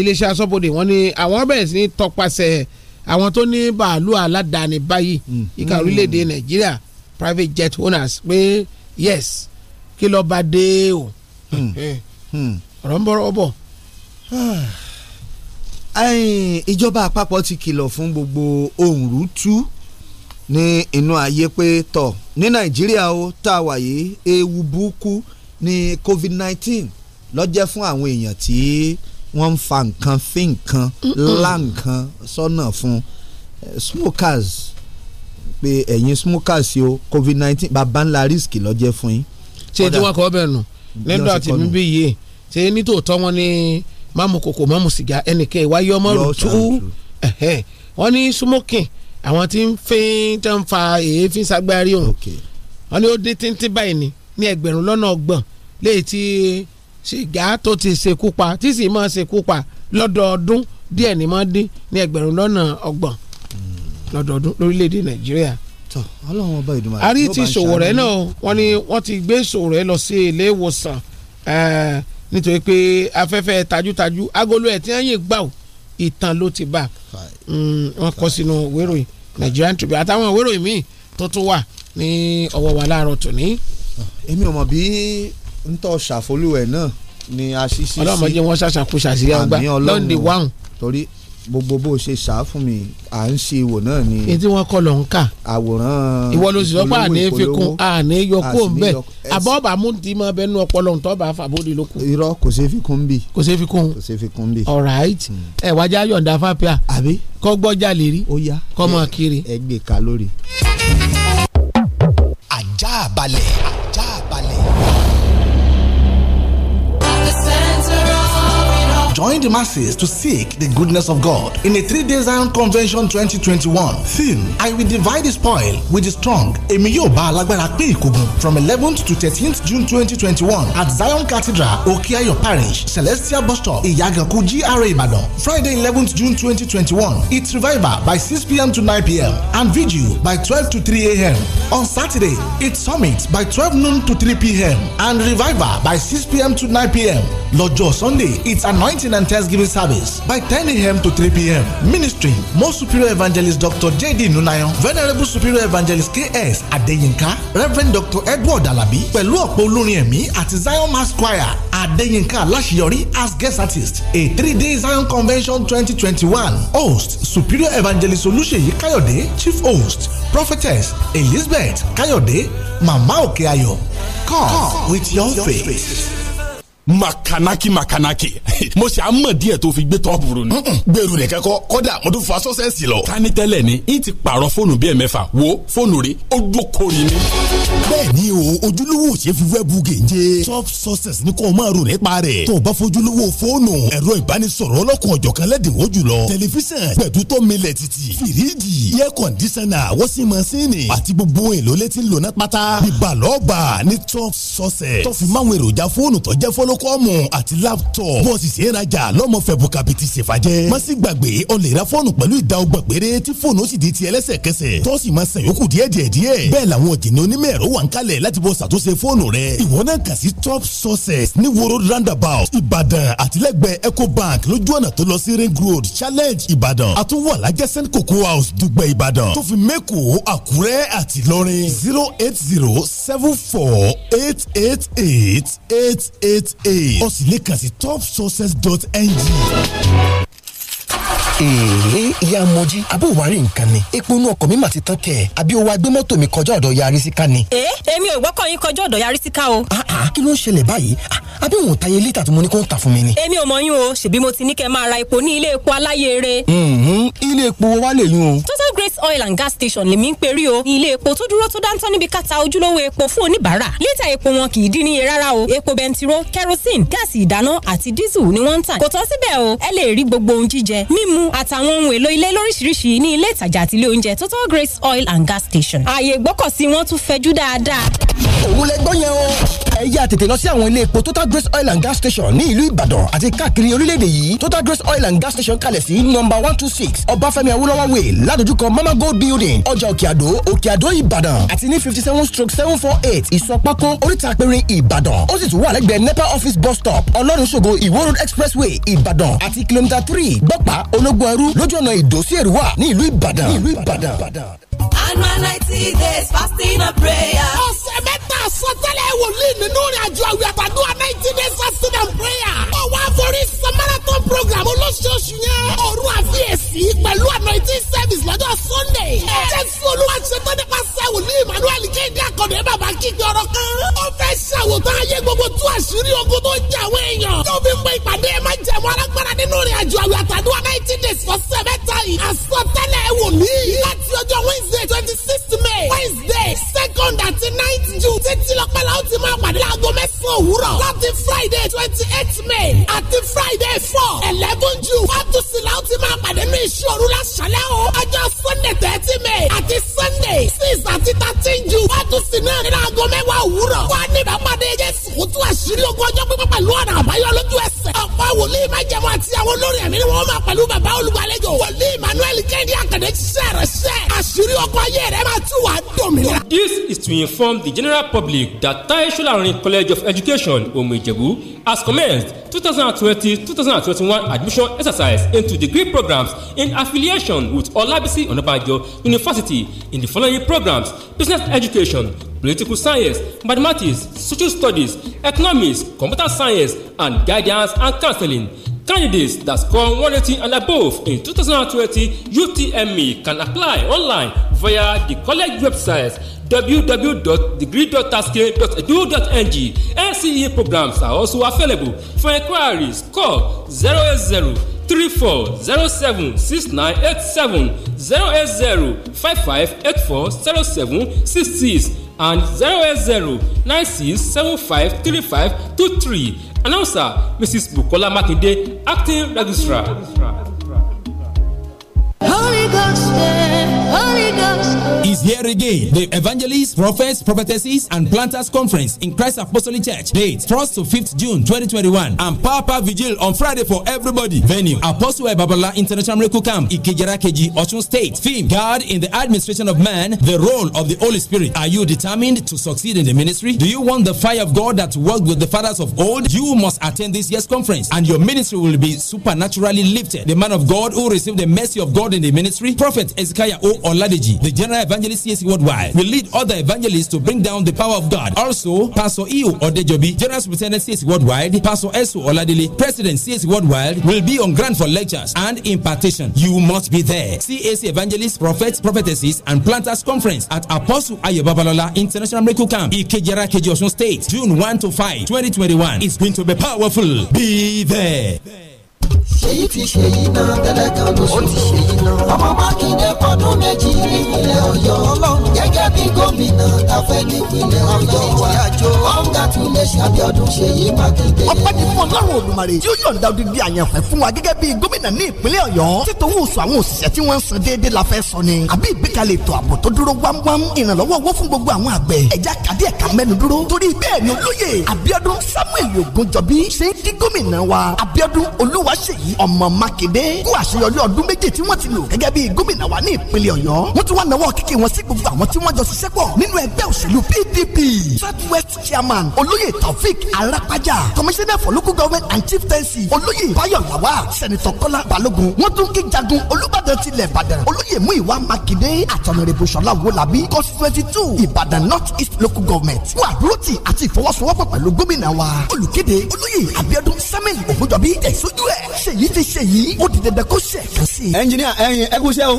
iléeṣẹ́ asọ́bodè wọ́n ní àwọn bẹ̀rẹ̀ sí ní tọpasẹ̀ àwọn tó ní bàálù aládàáni báyìí hmm. ìka hmm. orílẹ̀-èdè nàìjíríà private jet owners pé yes kí lọ́ọ́ bá dé o hmm. Eh, eh. ọ̀rọ̀ ń bọ̀rọ̀ bọ̀ ìjọba àpapọ̀ ti kìlọ̀ fún gbogbo òǹrú tú ní inú ayé pé tọ̀ ní nàìjíríà ó tá a wà yìí ewu burúkú ní covid-19 ló jẹ́ fún àwọn èèyàn tí wọ́n ń fa nǹkan fi nǹkan lá nǹkan sọ́nà fún eh, smokers pé ẹ̀yin smokers o covid-19 bàbá ńlá risk ló jẹ́ fún yín. ṣé tí wọn kọ ọbẹ̀ nù lẹ́ńdọ̀ àti bíbí yìí ṣé nítòótọ́ wọn ni. Ni má mu kòkò má mu sìgá ẹnìkan ìwáyé ọmọ rò tú wọ́n ní smoking àwọn tí ń fín tó ń fa èéfín sagbárí òun wọ́n ní ó dín tíntín báyìí ni ní ẹgbẹ̀rún lọ́nà ọgbọ̀n léyìí tí sìgá tó ti ṣekú pa tí sì máa ṣekú pa lọ́dọọdún díẹ̀ ni máa dín ní ẹgbẹ̀rún lọ́nà ọgbọ̀n hmm. lọ́dọọdún lórílẹ̀‐èdè nàìjíríà. ọlọ́run ọba ìdùnnú. àrí ti Sowore náà wọ́n ní wọ́n ti gbé Sowore lọ sí ilé ìwòsàn ẹ̀ẹ́ nítorí pé afẹ́fẹ́ tajútajú agolo ẹ̀ tí wọ́n yè gbà ó ìtàn ló ti bá mm, wọn kọ sínú wérò yìí Nigerian Tribune àtàwọn wérò yìí míì tó tún wà ní ọwọ́ wa láàárọ̀ tòní. èmi ò mọ̀ bí n tọ́ ṣàfolúwẹ̀ náà ni a ṣiṣẹ́ sí ọlọ́mọdé wọn ṣàṣàkóso àṣírí àgbà lọ́ndì wàhùn. torí gbogbo bó ṣe ṣá fún mi à ń ṣe ìwò náà ni. èyí tí wọ́n ló ń kà. àwòrán ìwọ ló sì lọ́pọ̀ àní fikun àní yọkó ń bẹ̀ àbọ̀bà mú ti mọ abẹ́nú ọpọlọ ń tọ́ba àfàbọ́dé lóko. irọ́ kò ṣe é fikun ń kò ṣe é fikun. kò ṣe é fikun ń all right hmm. ẹ wájà yọ̀ǹda fápíà. àbí. kọ́ gbọ́jà lè rí. ó yá kọ́ mọ kiri. ẹ gbé e ka lórí. ajá balẹ̀ join the masses to seek the goodness of God. In a three day Zion Convention 2021 theme, I will divide the spoil with the strong. Èmi yóò bá alágbára pín from 11th to 13th June 2021 at Zion Cathedral, Okiayo Parish, Celestial Bus Stop, Iyaganku, GRA Ibadan. Friday 11th June 2021, it's Revival by 6 p.m. to 9 p.m. and Vigil by 12 to 3 a.m. On Saturday, it's Summit by 12 noon to 3 p.m. and Revival by 6 p.m. to 9 p.m. Lord Joe Sunday, it's Anointing Thanksgiving and Thanksgiving service by 10 a.m. to 3 p.m. Ministry Most Superior Evangelist Dr. J.D. Nunayon, Venerable Superior Evangelist K.S. Adeyinka, Reverend Dr. Edward Alabi, pẹ̀lú ọ̀pọ̀ olórin ẹ̀mí àti Zion Mass Choir Adeyinka Alasiyori as guest artist. A three-day Zion Convention 2021 host Superior Evangelist Olúṣèyí Káyọ̀dé, Chief host Prophetess Elizabeth Kayode, Mama Okeayo. Come, Come with your, your faith. faith makanaki makanaki mo ṣe àmọ̀ díẹ̀ tó fi gbé tọ́pù rò ni. gbèrú nìkan kọ kọ́dà mo tún fa sọ́sẹ́sì lọ. tani tẹ́lẹ̀ ni n ti pààrọ̀ fóònù bíi ẹ̀mẹ́fà wo fóònù rí ó dókòrì ni. bẹ́ẹ̀ni o ojúlówó ṣe fi wẹ́ẹ̀bù gèje top success ni kò máa rò nípa rẹ̀ tó o bá fojúlówó fóònù ẹ̀rọ ìbánisọ̀rọ̀ ọlọ́kùn ọ̀jọ̀kan lẹ́dínwó jùlọ tẹlifíṣàn gbẹ̀dútọ́ milẹ̀ títì fìríjì iye kọ̀ndísánà wọ́sí masínì àti gbogbo èlò success tó fi máwọn èròjà fóònù tó kọ́mù àti laptop bọ́ọ̀sì sì ń rajà lọ́mọ fẹ̀bù kàbìtì ṣèfàjẹ́ má sì gbàgbé ọ lè ra fọ́ọ̀nù pẹ̀lú ìdá ọgbọ̀n péré tí fóònù ó sì di tiẹ̀ lẹ́sẹ̀kẹsẹ̀ tó sì máa san yòókù díẹ̀ díẹ̀ díẹ̀ bẹ́ẹ̀ làwọn òjìní onímọ̀ ẹ̀rọ wà ń kalẹ̀ láti bọ́ ṣàtúnṣe fóònù rẹ ìwọ náà kà sí top sources ní woro roundabout ìbàdàn àtìlẹ́gbẹ̀ẹ́ ecobank lójú ọ̀nà tó lọ sí ring road challenge ìbàdàn àtúwọ̀ alájẹ́ st cocoa house dùgbẹ̀ ìbàdàn tó fi mẹ́kọ̀ àkúrẹ́ àti lọ́rin zero eight zero seven four eight eight eight eight eight ó sì lè kàn sí topsources.ng ee ìyá mọ́jí abó ìwárí nǹkan ni epo inú ọkọ̀ mi mà ti tán kẹ̀ ẹ́ àbí o wa gbé mọ́tò mi kọjá ọ̀dọ̀ yarí síká ni. ẹ èmi ò gbọ́kọ̀ yín kọjá ọ̀dọ̀ yarí síká o. Ah, ah, kí ló ń ṣẹlẹ̀ báyìí ah, àbí òun ta iye lítà tí mo ní kó ń tà fún mi ni. èmi ò mọ̀ yín o ṣèbí mo ti ní kẹ́ máa ra epo ní ilé epo aláyèrè. ilé epo wa lè yún o. total grace oil and gas station lèmi ń perí o ní ilé epo tó dúró tó dáńtọ́ níbi ká ta ojúlówó epo fún oníbàárà lítà epo wọn kì í dín níye rárá o epo bẹntiró kerosene gáàsì ìdáná àti dísù ni wọ́n ń tà kò tán síbẹ̀ o ẹ lè rí gbogbo ohun jíjẹ mímu àtàwọn ohun èlò ilé lóríṣiríṣi ní ilé ìtajà àti ilé oúnjẹ Total Grace Oil and Gas Station. ààyè ìgbọ́kọ̀sí wọn tún fẹjú dáadáa. òun lè gbọ́ yẹn o. ẹ yá tètè lọ sí àwọn ilé epo Total Grace Oil and Gas Station ní ìlú Ìbàdàn àti káàkiri orílẹ̀-èdè yìí Total Grace Oil and Gas Station kalẹ̀ sí nọ́mbà one two six Ọbáfẹ́mi Awólọ́wọ̀ way ládojúkọ Mama Gold Building ọjà Òkè Àdó Òkè Àdó Ìbàdàn àti ní fifty seven stroke seven four eight ìsọpákó oríta apẹ̀rẹ̀ Ìbàdàn ó sì tún wà lẹ́gbẹ̀ẹ́ NEPA office bus stop Ọlọ́run ṣògo Ìwó road expressway Ìbàdàn àti kìlómítà three gbọ́pàá ológ gbogbo ẹrú lójú ọ̀nà ìdó sí èrúwà ní ìlú Ìbàdàn. ìlú Ìbàdàn. annual ninety days fasting and prayer. ọ̀sẹ̀ mẹ́ta àsọtẹ́lẹ̀ wòlíì nínú ìrìn àjò àwìn àtàdúrà nineteen days of student prayer. ó wá forí san marathon program olóṣooṣù yẹn. ọ̀run àfiyèsí pẹ̀lú anointing service lọ́jọ́ sunday. jésù olúwa ṣetán nípasẹ̀ wòlíì emmanuel kéde akọ̀dọ̀ ẹ̀ bàbá kíkẹ́ ọ̀rọ̀ kan. ó fẹ́ ṣàwòtán ayé gbogbo tú àṣírí ogun tó jẹ àwọn èèyàn. tó fi ń pe ìpàdé ẹ̀ máa jẹ̀mú alágbára nínú ìrìn àjò àwìn àtàdúrà nineteen days for seven times. àsọtẹ́lẹ̀ wòlíì láti ọjọ́ wednesday twenty six may wednesday second àti ninth june títí lọ́pẹ́ la ó ti máa pàdé aago mẹ́sàn-án òwúrọ̀ láti friday twenty eight may àti friday four eleven june fatusi la ó ti máa pàdé ní ìṣòro lásàlẹ̀ o ọjọ́ sunday thirty may àti sunday six àti thirteen june fatusi náà ní aago mẹ́wàá òwúrọ̀ wọ́n ní ìbápadé jésù kó tú àṣírí ogún ọjọ́ pípẹ́ pẹ̀lú ọ̀nà àbáyọ lójú ẹsẹ̀ ọ̀pọ̀ wòlíì májẹ̀mú àti àwọn olórin ẹ̀mí ni wọ́n máa pẹ̀lú bàbá olùgbàlejò wòl Kéde Akande ṣiṣẹ́ rẹ̀ Àṣírí ọkọ̀ ayé rẹ̀ máa tú wàá dòmìnira. This is to inform the general public that Taye Solarin College of Education, Omu has commenced 2020-2021 admission exercise into degree programs in affiliation with Olabisi Onabanjo University in the following programs: Business Education, political science mathematics social studies economics computer science and guidance and counseling Candidates that score 180 and above in 2020 UTME can apply online via the college website www.degree.tasking.edu.ng. NCE programs are also available. For inquiries, call 080 34 07 6987 080 55 84 and 080 96 75 announcer mrs bukola makinde acting registrar. Holy Ghost, yeah is here again. The Evangelists, Prophets, Prophetesses, and Planters Conference in Christ Apostolic Church. Date 1st to 5th June 2021. And Papa Vigil on Friday for everybody. Venue Apostle Babala International Miracle Camp, Keji, Oshun State. Theme God in the Administration of Man, the role of the Holy Spirit. Are you determined to succeed in the ministry? Do you want the fire of God that worked with the fathers of old? You must attend this year's conference and your ministry will be supernaturally lifted. The man of God who received the mercy of God in the ministry, Prophet Ezekiah O. Oladeji, the General Evangelist CAC Worldwide, will lead other evangelists to bring down the power of God. Also, Pastor Iyo Odejobi, General Superintendent CAC Worldwide, Pastor Esu Oladele, President CAC Worldwide, will be on ground for lectures and impartation. You must be there. CAC Evangelists, Prophets, Prophetesses, and Planters Conference at Apostle Ayo Babalola International Miracle Camp, Ikejara, Keji, State, June 1 to 5, 2021. It's going to be powerful. Be there ṣèyí ti ṣèyí náà tẹ́lẹ̀ kan lóṣù tó ṣèyí náà. ọmọ mákindé fọdún méjì ní ìpínlẹ̀ ọ̀yọ́ gẹ́gẹ́ bí gómìnà tafẹ́ ní ìpínlẹ̀ ọ̀yọ́ wa kọ́ńgàtúlẹ̀ṣì abíọ́dún ṣèyí mákindé. ọpẹ́ ni fún ọlọ́run olùmarè tí ó yọ̀ǹda odidi àyànfẹ́ fún wa gẹ́gẹ́ bí gómìnà ní ìpínlẹ̀ ọ̀yọ́ títòwó oṣù àwọn òṣìṣẹ́ tí la fẹ́ sọ ni àbí ìgbékalẹ̀ ètò ààbò tó dúró wámwám ìrànlọ́wọ́ owó fún gbogbo àwọn àgbẹ̀ ẹ̀já kàdé ẹ̀ka mẹ́nu dúró torí bẹ́ẹ̀ ni olóyè abíọ́dún samuel ogunjọbí ṣe ń di gómìnà yìí ọmọ mákindé kú àṣeyọrí ọdún méje tí wọ́n ti lò gẹ́gẹ́ bí gómìnà wa ní ìpínlẹ̀ ọ̀yọ́ wọ́n tún wá nawọ́ kíkì wọn sí gbogbo àwọn tí wọ́n jọ ṣiṣẹ́ pọ̀ nínú ẹgbẹ́ òṣèlú pdp southwest chairman olóyè taofik arapaja commissioner for local government and Chief chieftaincy olóyè bayo lawa senator kọ́lá balógun wọ́n tún kí jagun olùbàdàn tilẹ̀ ìbàdàn olóyè muiwa mákindé àtọ̀nàrẹ́bù ṣọlá wọlábí constituency two ìbàdàn north east local government fún àdúrótì àti ìfọwọ́sowọ́pọ̀ pẹ̀lú gómìnà wa olùkéde olóyè abiodun samuel ògùjọbí tẹ̀sójú ẹ̀ ṣèyí ti ṣèyí ó di dandan kó ṣe kan sí. ẹnjiníà ẹyin ẹgúnṣẹ́ o.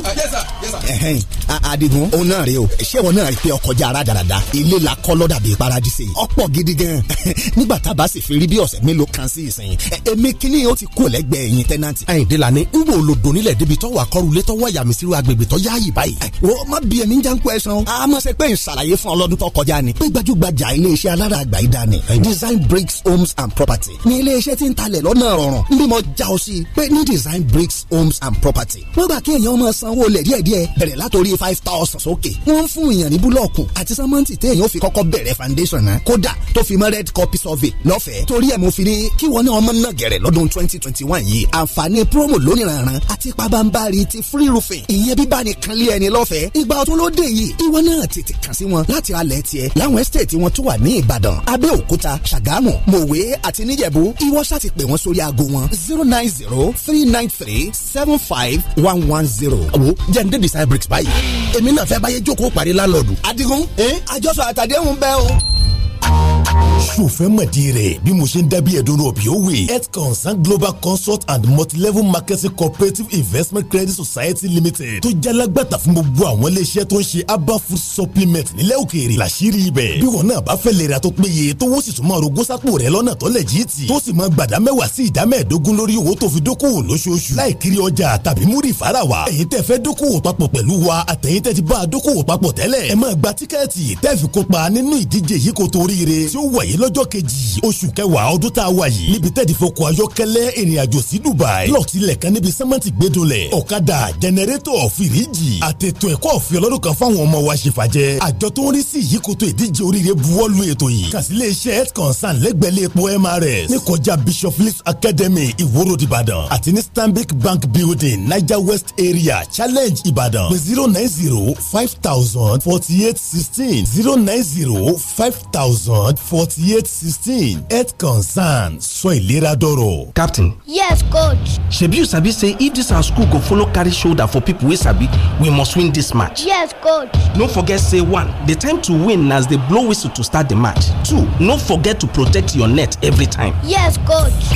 Uh, adigun òun náà rè o ṣé wọn náà rí pé ọkọ̀ ara dáradára ilé la kọ́ lọ́dà bíi paradise ọ̀pọ̀ gidi gan nígbà tá a bá sì fi rí bí ọ̀sẹ̀ mélòó kan sí ìsìn èmi kíní ó ti kú lẹ́gbẹ̀ẹ́ yín tẹ́nanti. de la ni n wo lo donílẹ̀ débi tọ́wọ́ akọ́rùlé tọ́wọ́ yàmísírù agbègbè tọ́ yáàyè báyìí. wọ́n má bí ẹni já ń kó ẹ san. a máa ṣe pé n ṣàlàyé fún ọlọ́dún tó kọjá ni. pé gbajúgbajà iléeṣẹ́ alára àgbà yìí dání. Design Bricks Homes and Property ni iléeṣẹ́ tí ń talẹ̀ lọ́nà rọrùn. n bí mo kọ sí pé ní design bricks homes and property. wọ́n gbà kí èèyàn máa sanwó lẹ̀ díẹ̀díẹ̀ bẹ̀rẹ̀ látòrí five thousand sókè. wọ́n ń fún èèyàn ní búlọ̀kù àti sẹ́mọ́ǹtì téèyàn ó fi kọ́kọ́ bẹ̀rẹ̀ foundation náà kódà tó fi mọ́ red copy survey lọ́fẹ̀ẹ́. torí ẹ̀ mo fi ní kí wọ́n ní ọmọ náà gẹ̀rẹ̀ lọ́dún twenty twenty one yìí àǹfààní promo lóníranran àti pabambari ti free roofing ìyẹn bíbá ni kan lé ẹni lọ́fẹ̀ẹ́ ìgbà ọ̀tun ló dé yìí ìwọ náà tètè kàn sí wọn láti alẹ̀ tiẹ̀ láwọn estate wọn tó wà ní Ìbàdàn Abẹ́òkúta Ṣàgámù Mòwe àti níjẹ̀bú ìwọ ṣáà ti pè wọ́n sórí zero nine nine zero three nine three seven five one one zero. àwo jẹ́ǹde design bricks báyìí èmi náà fẹ́ báyé jókòó parí lálọ́ọ̀dù. adigun àjọsọ àtàdéhùn bẹ́ẹ̀ o ṣòfẹ́ mọ̀dí rẹ̀ bí mo ṣe ń dábìí ẹ̀dùnú ọ̀bì òwe health consult global consult and multilevel marketing cooperative investment credit society limited tó jalagbàtà fún gbogbo àwọn iléeṣẹ́ tó ń ṣe herbal food supplement nílẹ̀ òkèèrè làṣírí ibẹ̀ bí wọn náà bá fẹ́ lè ra tó péye tó wọ́n sì tún máa rogó sápò rẹ̀ lọ́nà tó lẹ̀ jíìtì tó sì máa gbàdá mẹ́wàá sí ìdá mẹ́ẹ̀ẹ́dógún lórí owó ìdókòwò tó fi dókòwò lóṣooṣù láì kiri ọjà tàbí múrì fara wa ẹ̀yin tẹ́ fẹ́ dókòwò papọ̀ pẹ̀lú wa àtẹ̀yin tẹ́ ti bá a dókòwò papọ̀ tẹ́lẹ̀ ẹ máa gba tíkẹ́ẹ̀tì tẹ́ fi kópa nínú ìdíje yìí kò toríire tí ó wáyé lọ́jọ́ kejì oṣù kẹwàá ọdún tá a wà yìí níbi tẹ́ ti fọkọ̀ ìrìnàjò sí Dubai lọ́ọ̀tì lẹ̀kan níbi sẹ́mẹ́ntì gbẹdọ̀lẹ̀ ọ̀kadà jẹnẹrétọ̀ fìríjì àtètò ẹ̀kọ́ ọ̀fìn ọlọ́dún kan fáwọn ọmọ wa ṣèfàjẹ́ àjọ tó ń rí sí ìyíkoto ìdíje oríire buwọ́lu ètò yìí kàsílẹ̀ MRS ní kọjá Bishop Academy ìwòrò road ìbàdàn àti ní stanbic bank building naija west area challenge Ibadan. pé zero nine zero five thousand forty eight sixteen zero nine zero five thousand forty eight sixteen health concern sọ ìlera dọ̀rọ̀. captain. yes coach. shebi you sabi say if this our school go follow carry shoulder for people wey sabi we must win this match. yes coach. no forget say one The time to win na as dey blow whistle to start the match two no forget to protect your net every time. yes coach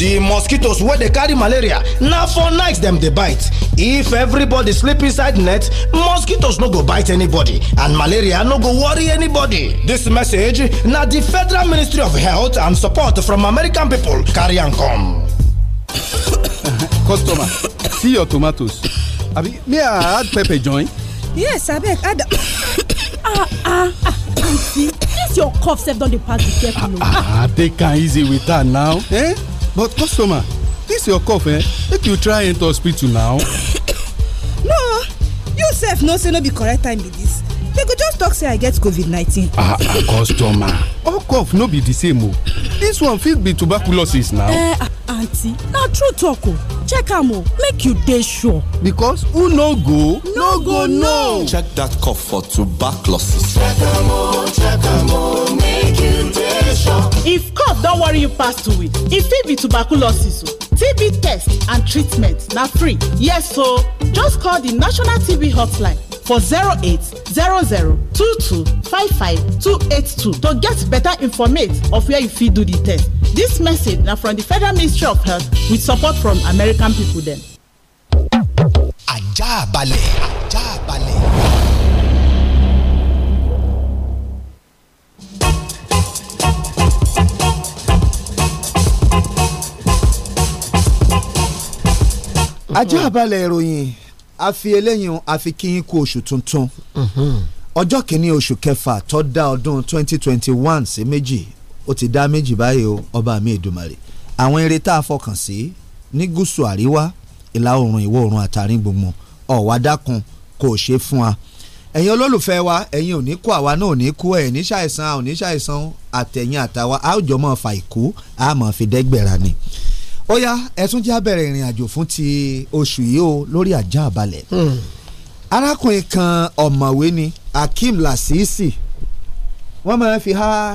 the mosquitoes wey dey carry malaria na for night dem dey bite if everybody sleep inside net mosquitoes no go bite anybody and malaria no go worry anybody dis message na di federal ministry of health and support from american pipo carry am come. customer see your tomatoes abi may i add pepper join. yes abeg add ah ah ah see this your cough sef don dey pass the check. ah ah take am easy with am now. Eh? but customer this your cough eh make you try enter hospital now no you sef know say no be correct time be this. dem go just talk say i get covid nineteen. ah ah customer all cough no be the same o oh. This one fit be tuberculosis now eh ah, aunty na true talk o oh. check am o oh. make you dey sure because who no go no go no. check that cough for tuberculosis check am o check am o if cough don worry you pass to it e fit be tuberculosis o tb test and treatment na free yes o just call the national tb hotline for zero zero zero eight eight two two two five five two to get better informate of where you fit do the test This message na from the federal ministry of health with support from american people. dem. Ajabale, Ajabale. ajá balẹ̀ ìròyìn a fi eléyìí a fi kíyín kú oṣù tuntun mhm. ọjọ́ kìíní oṣù kẹfà tó dá ọdún twenty twenty one sí méjì ó ti dá méjì báyìí o ọba mi Èdùmàrè àwọn eré tá a fọkàn sí ní gúúsù àríwá ìlà oòrùn ìwọ̀ oòrùn àtàrin gbùngbùn ọ̀wá dákun kò ṣe fún wa ẹ̀yin olólùfẹ́ wa ẹ̀yin ò ní kú àwa náà ò ní kú ẹ̀ ní ṣàìsàn ò ní ṣàìsàn àtẹ̀yìn àtàwa a máa fà ìkú a fi dẹ́gbẹ̀rà ni ó yá ẹ tún já bẹ̀rẹ̀ ìrìn àjò fún ti oṣù yìí o lórí ajá balẹ̀. Hmm. arákùnrin kan ọ̀mọ̀wé ni Akeem Lasisi wọ́n máa ń fi há